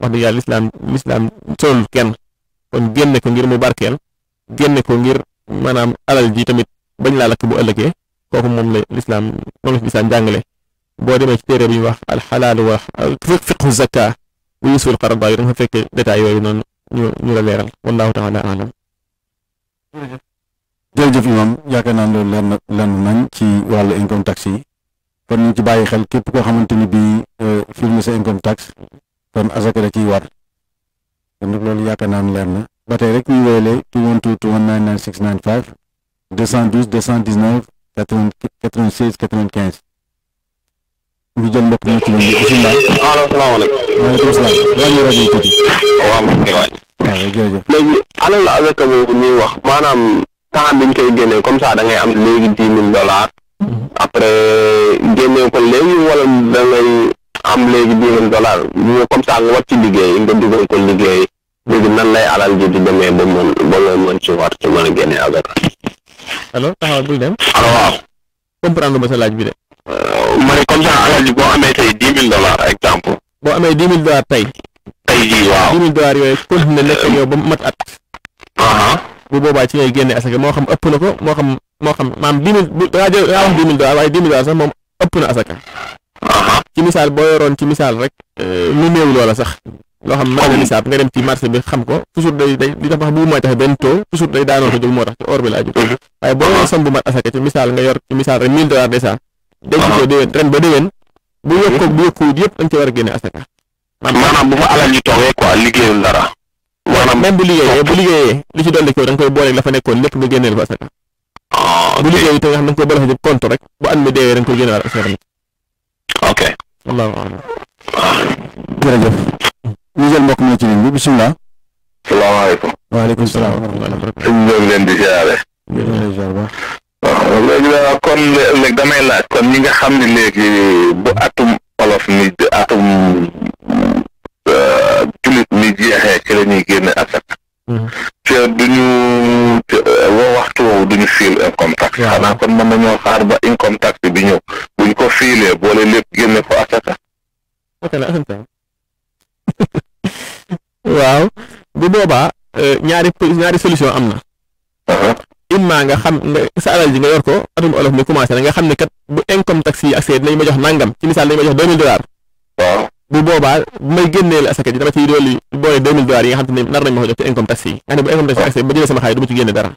wax dëgg lislaam lislaam solul kenn kon génne ko ngir mu barkeel génne ko ngir maanaam alal ji tamit bañ laa lakk bu ëllëgee kooku moom moom la fi lislaam jàngale boo demee ci téere bi ñu wax alxalaal wa fiqhu zaka bu yusul xarabaa yi da nga fa fekkee détails yooyu noonu ñu ñu la leeral wallahu taala alam jërëjëf imam yaakaar naa loolu leer na leer nañ ci wàll income tax yi kon ñu ci bàyyi xel képp koo xamante ni bii euh, firme sa income tax kon asaka da ciy war kon nag loolu yaakaar naa leer na ba tey rek ñu woyalee 212 219 96 95 212 219 96 95 ñu jël mbokk mu ci ligne bi bisimilah. asalaamaaleykum. maaleykum salaam. wàññi rajo yi tuuti. waaw moom kay waay. waaw jërëjëf. léegi alal la avec boobu ñuy wax maanaam temps biñ koy génnee comme ça da ngay am léegi dix mille dollars. Mhm. après génnee ko léegi wala da ngay am léegi dix mille dollars ñu comme ça nga war ci liggéey nga dugal ko liggéey léegi nan lay alal ji di demee ba mën ba loo mën ci war ci mën a génnee avec. allo taxawal bul dem. allo waaw. comprendre ma sa laaj bi de. ma ne comme ça alaaji boo amee tey dix mille dollars exemple. boo amee dix mille dollars tey. tey jii waaw dix mille dollars yooyu nekk euh, yow ba mu mat at. Uh-huh. bu boobaa ci ngay génne asaka moo xam ëpp na ko moo xam moo xam maam dix mille bu daa jël daa wax dix mille sax moom ëpp na asaka. Uh-huh. ci misaal boo yoroon ci misaal rek euh, lu néew loola sax. loo xam mën na nisaab nga dem ci marché bi xam ko toujours day day daanoo ko jóg moo tax ci or laa jóg mm-hmm. waaye boo yoroon som mat asaka ci misaal nga yor misaal rek denc ko déwén ren ba déwén bu yokk ak bu yokkuwut yëpp dañ ci war a génne asaka maanaam bu fa alal ji toogee quoi liggéeyul dara maanaam même bu liggéeyee bu liggéeyee li ci dolli ko da nga koy booleeg la fa nekkoon lépp nga génneel ko asaka ah, bu liggéey te nga xam da nga koy boole sa compte rek bu at mi deewee da nga koy génne waat asaka ok wallahu alam ah. jërëjëf ñu jël mbokk mi ci ligne bi bisimilah salaamaaleykum waaleykum salaam wa rahmatulah ñu ngi leen di ziare waaw léegi damay laaj kon ñi nga xam ne léegi bu atum olof ni atum euh, julit ni jeexee ci la ñuy génne asaka mm-hmm. te duñu euh, wa waxtu woowu duñu fiil income tax xanaa kon mën nañoo xaar ba income bi ñëw buñ ko fiilee boole lépp génne ko asaka waaw bu boobaa euh, ñaari ñaari solution am na uh-huh. vraiment nga xam nga sa alal ji nga yor ko atum olof mi commencé na nga xam ne kat bu income tax yi accès dinañ ma jox nangam ci misaal dañ ma jox deux mille dollars bu boobaa bu may génneel asaka ji dama ciy dolli boole deux yi nga xam te ne nar nañ ma ko jox ci income tax yi nga xam ne bu income tax yi accès ba jëlee sama xaalis du ma ci génne dara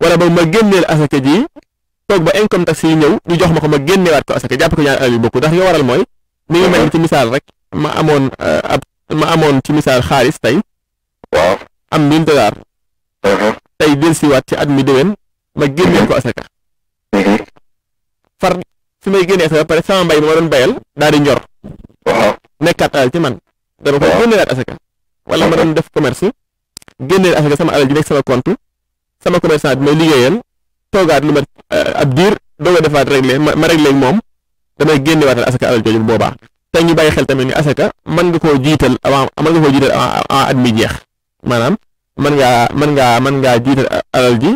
wala ba ma génneel asaka ji toog ba income tax yi ñëw ñu jox ma ko ma génneewaat ko asaka jàpp ko ñaari alal yu bokku ma amoon euh, ab ma amoon ci misaal xaalis tey am mille tey dellusiwaat ci at mi déwén ma génneel ko asaka mhm. far fi may génnee asaka pare sama mbay mi ma doon bayal daal di njor nekkaat alal ci man dama koy génneelaat asaka wala ma doon def commerce génneel asaka sama alal ji nekk sama compte sama commerçant bi may liggéeyal toogaat lu ma euh, ab diir doog a defaat réglé ma ma réglé moom damay génnewaatal asaka alal jooju boobaa te ñu bàyyi xel tamit ni asaka mën nga koo jiital avant mën nga koo jiital avant at mi jeex maanaam man ngaa mën ngaa mën ngaa jiital alal ji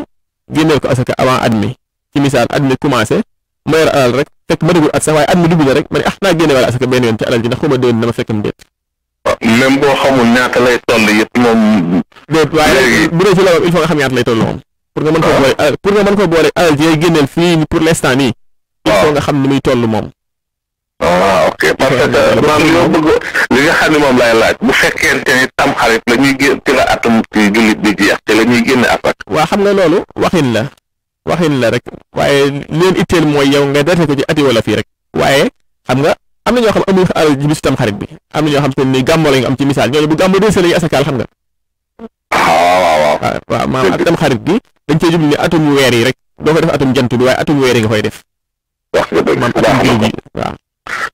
génneel ko asaka avant at mi ci misaal at mi commencé ma yor alal rek fekk ma dugul at sax waaye at mi rek ma ne ah naa génne wala asaka benn yoon ci alal ji ndax xuma déwén dama fekkam déet. même boo xamul ñaata lay toll yëpp moom. déet waaye bu dee ci loolu il faut nga xam pour nga mën pour nga mën ko boole alal ji ngay pour l'instant nii. il nga xam ni muy toll moom. ah ok parce que man loo bëgg li nga xam ne moom lay laaj bu fekkente ni tam xarit la ñuy génn ci la atum ci jullit bi jeex ci la génne atak waa xam nga loolu waxin la waxin la rek waaye leen itteel mooy yow nga date ko ci ati wala fii rek waaye xam nga am na ñoo xam amuñu alal ji bis tam xarit bi am na ñoo xam te ni gàmmo lañu am ci misaal ñooñu bu gàmmo dee lañu asakaal xam nga ah, waaw waaw maam dañ cee jublu ni atum weer yi rek doo ko def atum jant bi waaye atum weer yi nga koy def maam atum jiw ji waaw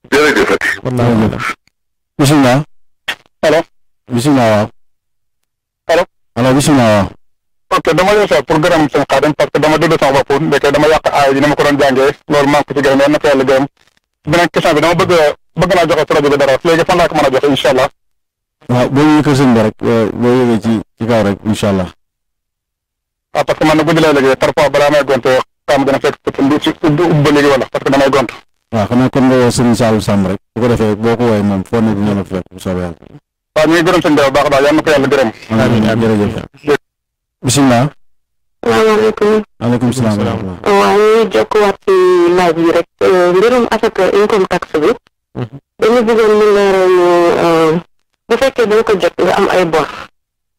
jërëjëfati. bisimilah. allo. bisimilah waaw. allo. allo bisimilah waaw. ok dama leen sax pour gërëm seen xaadim dama dund sama yàq aay yi ni ma ko doon jàngee loolu maa ngi ko ci gërëm yal na ko yàlla gërëm beneen bi dama bëgg bëgg naa joxe projet bi dara léegi fan laa ko mën a joxe incha allah. boo yëgee sëñ bi rek boo yëgee ci ci kaw rek incha allah. waaw ah, parce que man nag guddi lay liggéey parfois balaa may gont xam gën a fekk ba léegi wala parce que damay gont waaw xanaa kon nga woo Serigne Saliou Samb rek bu ko defee boo ko woowee moom foo nekk dina la fekk bu soobee yàlla. waaw ñu ngi gërëm sëñ bi baax a baax yal na ko yàlla gërëm. amiin amiin jërëjëf. bisimilah. salaamaaleykum. maaleykum salaam wa rahmatulah. waaw ñu ngi jokkuwaat ci laaj bi rek euh, mbirum asaka income tax bi. Mhm. dañu bëggoon mu leeral ñu euh, bu fekkee da nga ko jot nga am ay bor.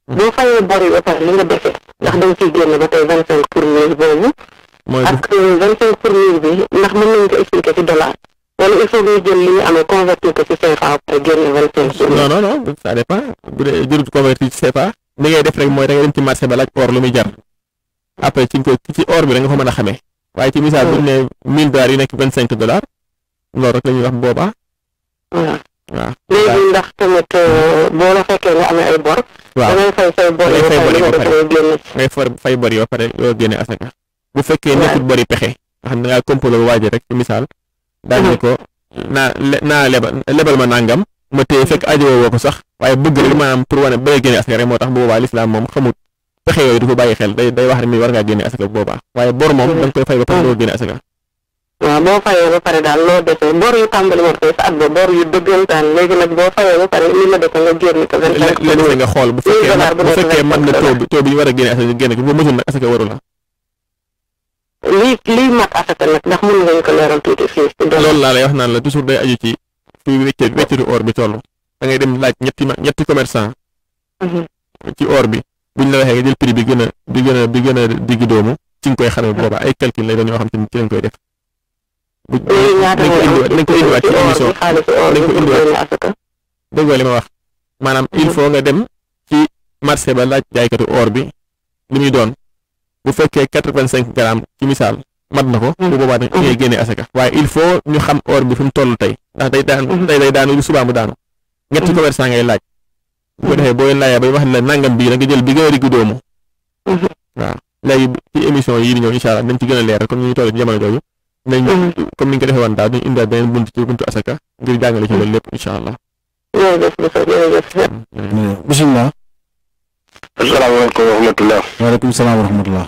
Mhm. boo fayee bor yi ba pare li nga defee ndax da nga ciy génn ba tey vingt cinq pour mille boobu. ak vingt cinq pour mille bi ndax mën nañ ko expliquer ci dollar wala il faut ñu jël li ñu amee convertir ko ci CFA après génne vingt cinq ci CFA li ngay def rek mooy da ngay dem ci marché ba laaj or lu muy jar après ci ko ci or bi da nga ko mën a xamee. waaye ci misaal bu ñu nee mille yi nekk vingt cinq dollars loolu rek la ñuy wax boobaa. waaw waaw léegi ndax tamit euh, boo la fekkee nga amee ay bor. waaw da ngay fay fay bor yoo pare yoo génne asaka. bu fekkee nekkul bari pexe nga xam ne da ngaa compolo waaje rek misaal daal ne ko naa naa lebal lebal ma nangam ma téye fekk mm-hmm. ajowoo ko sax waaye bëgg rek maanaam pour wane bëgg génne asaka rek moo tax bu boobaa lislaam moom xamut pexe yooyu du ko bàyyi xel wax rek ni war ngaa génne asaka bu boobaa waaye bor moom mm-hmm. da nga koy fay ba pare mm-hmm. doo génne asaka daal loo defee bor yu tàmbali woon koy sa at ba bor yu dëggantaan léegi nag boo fayee ba pare li la defe nga xool bu fekkee bu na taux bi war a génne asaka génne ko bu mësul nag asaka waru lii lii mat asaka nag ndax mën ngañ ko laa lay wax naan la toujours day aju ci fi wéccé or bi toll da ngay dem laaj ñetti ñetti commerçant. Mhm. ci or bi buñ la waxee nga jël prix bi gën a bi gën a bi gën a digg doomu ci nga koy xamee booba ay calcul lay doon yoo xam te ni ci lañ koy def. bu dañ ko indiwaat ci émission dañ ko indiwaat déggoo li ma wax maanaam il mhm. faut nga dem ci marché ba laaj jaaykatu or bi li muy doon. bu fekkee quatre vingt cinq grammes ci misaal mat na ko mm. bu boobaa nag mm. ngay génnee asaka waaye il faut ñu xam or bi fi toll tey ndax day daan mm. tey day daanu bu subaa mu daanu ñetti commerçant ngay laaj bu ko defee boo leen laajee bay wax ne nangam bii da jël bi gën a diggu doomu waaw léegi ci émission yi di ñëw incha allah dañ ci gën a leeral comme ñu toll ci jamono jooju nañ comme ni ñu ko defee woon daal dañ indiwaat beneen bunt ci buntu asaka ngir jàngale ci loolu lépp incha allah bismillah asalaamaaleykum wa rahmatullah waaleykum salaam wa rahmatullah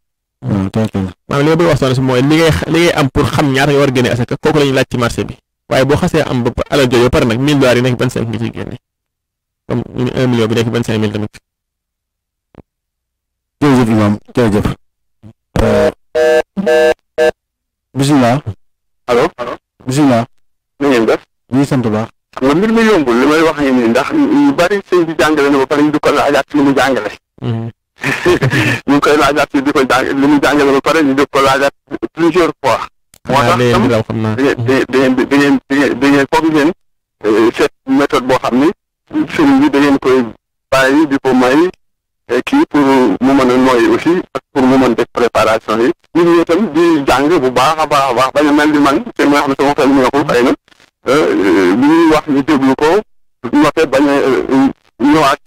waaw mm, tontu la maanaam li ma bëgg a waxtaanee si mooy li ngay li am pour xam ñaata nga war a génne asaka kooku la ñuy laaj ci marché bi waaye boo xasee am ba alal jooju ba pare nag 1000 dollars yi nekk 25 nga ciy génne comme ñu ne 1 million bi nekk 25000 tamit. jërëjëf imam euh, xam nga mbir mi yombul li may wax nii ndax yu bari sëñ bi jàngale na ba pare ñu du ko laajaat li mu jàngale. Mm-hmm. ñu ngi koy laajaat ci di ko jàng li mu jàngale ba pare ñu di ko laajaat plusieurs fois. moo ah, tax tam da ngeen da ngeen da ngeen da ngeen foog eh, boo xam ni sëriñ bi da ngeen koy bàyyi di ko may eh, kii pour mu mën a nooyi aussi pour mu mën def préparation yi ñun tam di jàng bu baax a baax a baax bañ a mel ma xam ne mu nekkul xëy na eh, wax ñu déglu ko noté bañ a ñëwaat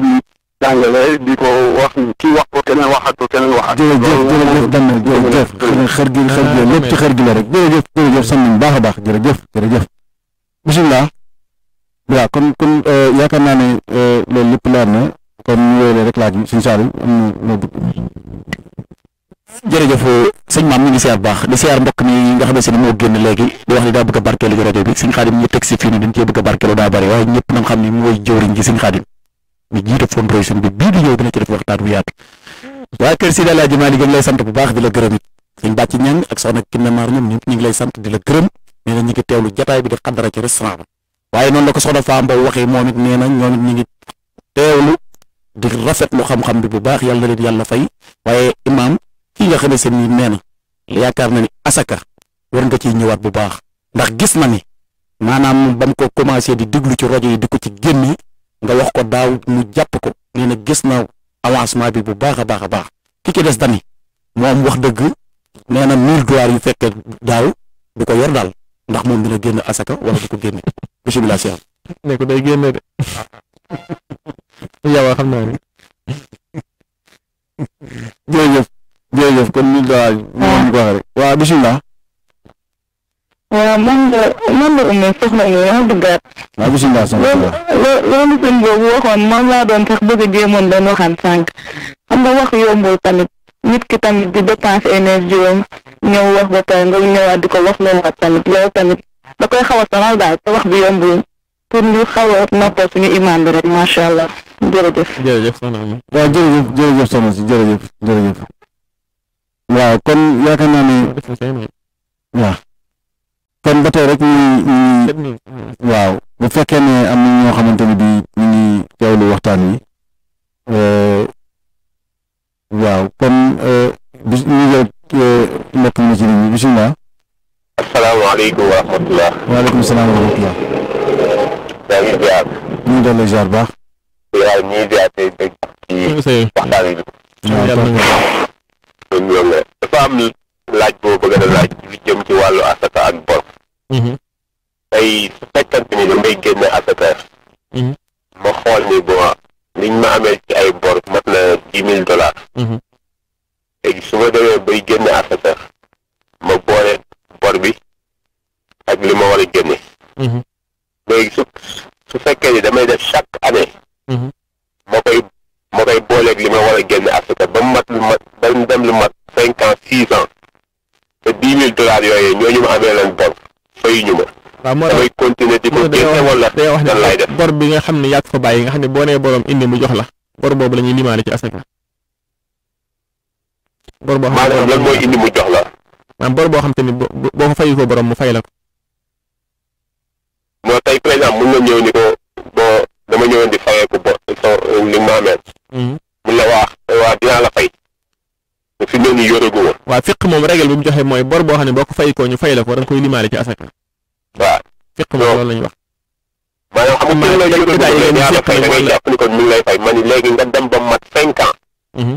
bi jàngale di ko wax ki wax ko keneen waxaat ko keneen waxaat. jërëjëf jërëjëf Damel jërëjëf xër gi xër gi lépp ci xër gi rek jërëjëf jërëjëf sant nañu baax baax jërëjëf jërëjëf. bisimilah. waaw kon kon euh, yaakaar naa ne euh, loolu lépp leer na kon ñu wéyalee rek laaj na loo jërëjëf euh, sëñ maam ñu ngi siyaar baax di siyaar mbokk mi nga xam ne si moo génn léegi di wax ni daa bëgg a barkeelu ci rajo bi sëñ Xaadim ñu teg si fii ni dañ cee a barkeelu daa bari waaye ñëpp nañ xam ni mooy jëwriñ ji sëñ Xaadim ñu jiite fundraising bi bii di ñëw dina ci def waxtaan bu yaatu waa kër Sidi El Hadj Malick ñu lay sant bu baax di la gërëm it suñ bàcc ñang ak soxna Kiné Mar ñoom ñu ngi lay sant di la gërëm nee na ñu ngi teewlu jataay bi di xaddara ci restaurant waaye noonu la ko soxna Faa Mbow waxee moom it nee na ñoom it ñu ngi teewlu di rafetlu xam-xam bi bu baax yàlla leen yàlla fay waaye imaam kii nga xamante ne nii nee na yaakaar na ni asaka war nga ciy ñëwaat bu baax ndax gis na ni maanaam ba ko commencé di déglu ci rajo yi di ko ci génne nga wax ko daaw mu jàpp ko nee na gis na avancement bi bu baax a baax a baax ki ci des dani moom wax dëgg nee na mille dollars yu fekkee daaw du ko yor daal ndax moom dina génn asaka wala du ko génne bisimilah Cheikh. ne ko day génne de yow xam naa ne kon mille dollars waaw moom ko waaw man de man de Oumy soxna Oumy wax man la loolu loolu sëñ boobu waxoon moom laa doon sax bëgg a jéemoon doon waxaan sànq xam nga wax yombul tamit nit ki tamit di dépense énergie am ñëw wax ba pare nga ñëwaat di ko wax loolu tamit loolu tamit da koy xaw a sonal daal te wax bi yombul pour ñu xaw a noppal suñu imaam rek macha allah jërëjëf. jërëjëf soxna Oumy. waaw jërëjëf jërëjëf soxna si kon yaakaar naa ne. waaw. kon ba tey rek ñu mm. waaw bu fekkee ne am na ñoo xamante ni bi ñu ngi teewlu waxtaan wi euh, waaw kon euh, bis ñu ngi euh, mbokk mi ci nit ñi bisimilah. asalaamaaleykum wa rahmatulah. waaleykum dafa am laaj boo bëgg a laaj lu jëm ci wàllu asaka ak bor. tey mm-hmm. su fekkante ni damay génne APR. Mm-hmm. ma xool ni bu ma liñ ma amee ay bor mat na dix mille dollars. Mm-hmm. léegi su ma demee bay génne APR ma boole bor bi ak li ma war a génne. léegi su fekkee ni damay def chaque année. ma koy ma koy booleeg li ma war a génne APR ba mu mat lu mat ba mu dem lu mat cinq ans six ans te dix mille dollars yooyu ñooñu ma amee leen bor. fayuñu ma. waaw moo tax damay continuer di ko génne wala lan bor bi nga xam ne yàgg fa bàyyi nga xam ne boo nee borom indi mu jox la bor boobu la ñuy limaale ci asaka. bor boo xam maanaam mu jox la. maanaam boo xam te ni boo boo ko fayu ko borom mu fay la ko. moo tey par exemple mun na ñëw ni ko boo dama ñëwoon di fayee ko bor li mu amee. Mm-hmm. mun la wax waaw dinaa la fay. te fi mu ne nii yore fiq moom régal bi mu joxe mooy bor boo xam ne boo ko fay ko ñu fay la ko da nga koy limaale ci asaka. waaw fiq moom loolu la ñu wax. maanaam xam nga la yore gu woon yàlla ma ni léegi nga dem ba mat cinq ans. Mhm.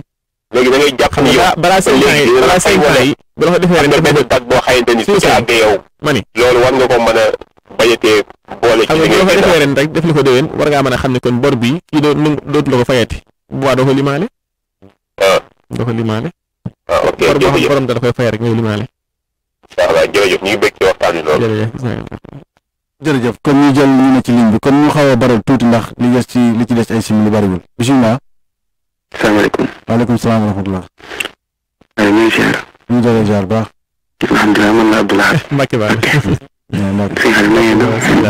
da ngay jàpp ni yow. balaa cinq ans yi balaa cinq ans yi. bu la ko defee ren benn date boo xayante ni su ci àggee yow. ma ni loolu war nga ko a bañatee boole ci. xam nga bu la ko rek def li ko déwén war ngaa mën a xam ne kon bor bi kii dootu la ko fayati bu baax doo ko limaale. Ah. doo ko limaale waaw ah, ok jërëjëf borom da koy fay rek ñëw limaale. incha allah jërëjëf ñu ngi bëgg ci waxtaan bi loolu. jërëjëf jërëjëf kon tuuti ndax li des ci ci des ay simili bariwul bisimilah. salaamaaleykum. waaleykum salaam wa rahmatulah. ñu ngi ziar. ñu ngi Ah, eh. e waaw eh,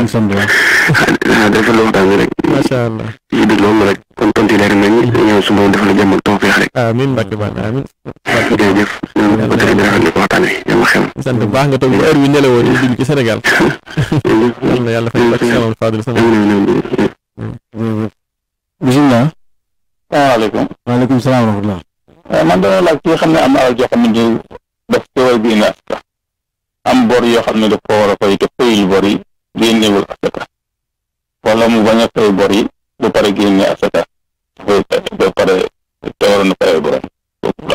dafa la waxtaan rek. macha allah lii di loolu rek kon tontu leer nañ ñëw su ma defal jàmm ak tawfeex rek. amiin Mbacke Bane amiin. jërëjëf ñoom ba tey dara li waxtaan wi yàlla xew. sant baax nga toog ba heure bi nelawoo ñu dugg ci Sénégal. yal na yàlla fay Mbacke Salom Fadil Salom. bisimilah. salaamaaleykum. waaleykum salaam wa rahmatulah. man dama laaj ki nga xam ne am na alal joo xam ne daf teewal bi am bor yoo xam ne daf ko war a fay te fayul bor yi génnewul asaka wala mu bañ a fay yi ba pare génne asaka ba pare te waroon a fayal borom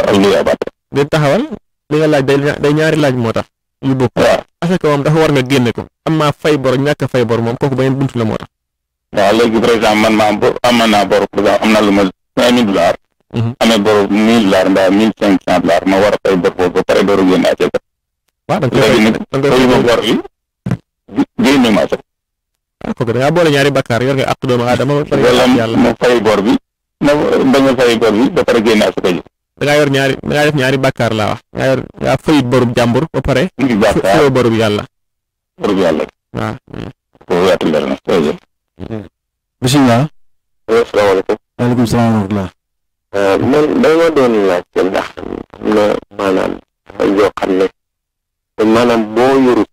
ak luy abaat day taxawal laaj moo tax yu bokk asaka moom dafa war nga génne ko am maa fay bor ñàkk fay bor moom kooku beneen buntu moo tax waaw man maa bor am naa bor am na lu ma cinq mille dollars mhm. amee war a fay bor boobu ba pare door a génne asaka waaw da nga ma sax da ngaa boole ñaari bakkaar yor nga àq doomu aadama ba yàlla mu fay bor bi na bañ a da ngaa yor ñaari da ngaa def ñaari bakkaar laa wax ngaa yor ngaa fay borub jàmbur ba pare fayoo borub yàlla borub yàlla waaw kooku yaatu leer na jërëjëf bisimilah euh, yoo xam ne te maanaam boo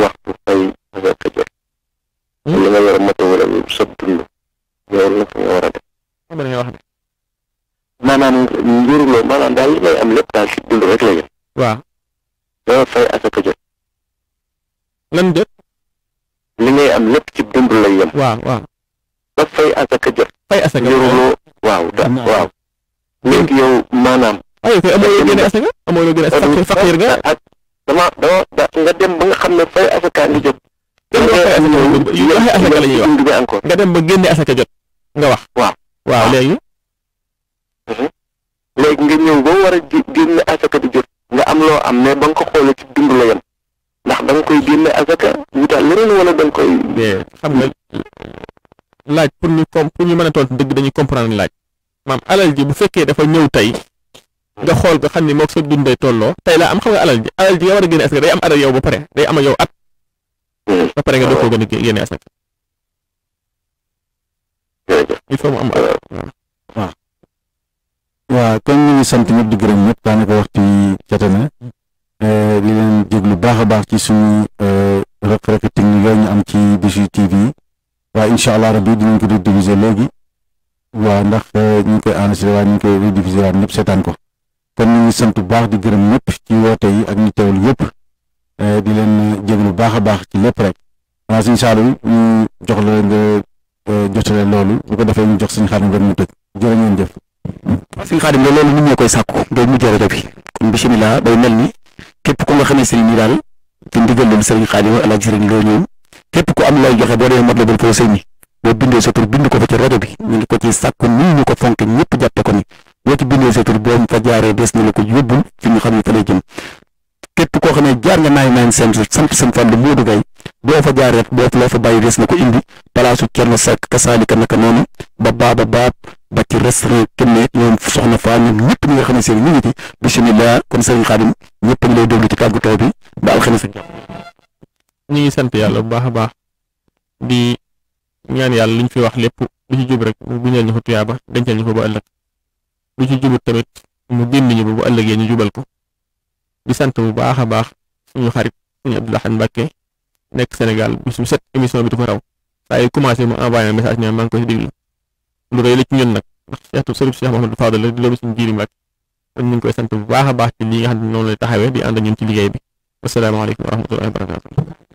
waxtu fay nga jot. li nga yor moto wala sëb dund yow naka a def. maanaam njëriñoo maanaam daal li am lépp daal si dund rek la jëm. waaw. doo fay asaka jot. lan jot. am lépp ci dund lay yem. ba fay asaka jot. fay asaka waaw waaw. léegi ay fay amoo loo gën asaka faqiir nga. dama dama nga dem ba nga xam ne fay asaka ngi jot. dem ba fay asaka yu waxee asaka la wax nga dem ba génne asaka jot nga wax. waaw waaw léegi. Mhm. léegi nga ñëw ba war a génne asaka di jot nga am loo am ne ba nga ko xoolee ci dund la yem ndax da koy génne asaka wutaal leneen wala da nga koy. xam nga laaj pour ñu comme ñu mën a tontu dëgg dañuy comprendre laaj. maam alal ji bu fekkee dafa ñëw tey nga xool nga xam ne moog sa dunday tolloo tey laa am xam nga alal ji alal ji nga war a génne asaka day am at ak yow ba pare day am a yow at ba pare nga doo ko gën a génne asaka il faut mu am at waaw waaw kon ñu ngi sant ñëpp di gërëm ñëpp daanaka waxtu yi jote eh, baax a baax ci suñu eh, rëq-rëq ñu am ci Bichri TV waaye incha allah rabbi dinañ ko rediffuser léegi waaw ndax eh, ñu ngi koy enregistré waaye ñu ngi koy rediffuser waat ñëpp seetaan ko kon ñu ngi sant bu baax di gërëm ñëpp ci woote yi ak ñu teewul yëpp eh, di leen jéglu baax a baax ci lépp rek waaw suñ saalum ñu jox la nga eh, jotale loolu bu ko defee ñu jox suñu xaadim rek mu tëj jërë ngeen jëf. waaw suñu xaadim la loolu ñun ñoo koy sàkku doo mu jërë bi day mel ni képp ku nga xamee sëriñ yi daal te ndigal leen sëriñ xaadim alaaj sëriñ loo ñoom képp ku am lay joxe boo demee mat la bul foo sëñ boo bindee sa tur bind ko fa ci rajo bi ñu ngi ko ci sàkku nii ñu ko fonk ñëpp jàppe ko ni boo ci bindee sa tur boo fa jaaree des na la ko yóbbul fi ñu xam ne fa lay jëm képp koo xam ne jaar nga naaj naaj seen sant seen fànn Modou Gaye boo fa jaaree boo fa loo fa bàyyi des na ko indi palaasu Cerno Sekk kasaalika naka noonu ba baaba baab ba ci restaurant kenn ñoom soxna Fane ñoom ñëpp ñi nga xam ne seen ñu ngi ci bisimilah kon sëriñ Xaadim ñëpp a ngi déglu ci tàggatoo bi ba alxames ak ñu ngi sant yàlla bu baax a baax di ñaan yàlla liñ fi wax lépp lu ci jub rek mu bindal ñu ko tuyaaba dencal ñu ko ba ëllëg lu ci jubut tamit mu génn ñu ba bu ëllëgee ñu jubal ko di sant bu baax a baax suñu xarit suñu Abdou Lahad Mbacké nekk Sénégal bis bu set émission bi du ko raw waaye yu commencé mu envoyé message ne maa ngi koy déglu lu rëy la ñun nag ndax Cheikh Sëriñ Cheikh Mouhamadou Fadal la di loolu suñu jiiri sant bu baax a baax ci li nga xam ne noonu lay taxawee di ànd ñun ci liggéey bi wasalaamaaleykum wa rahmatullahi wa barakatuh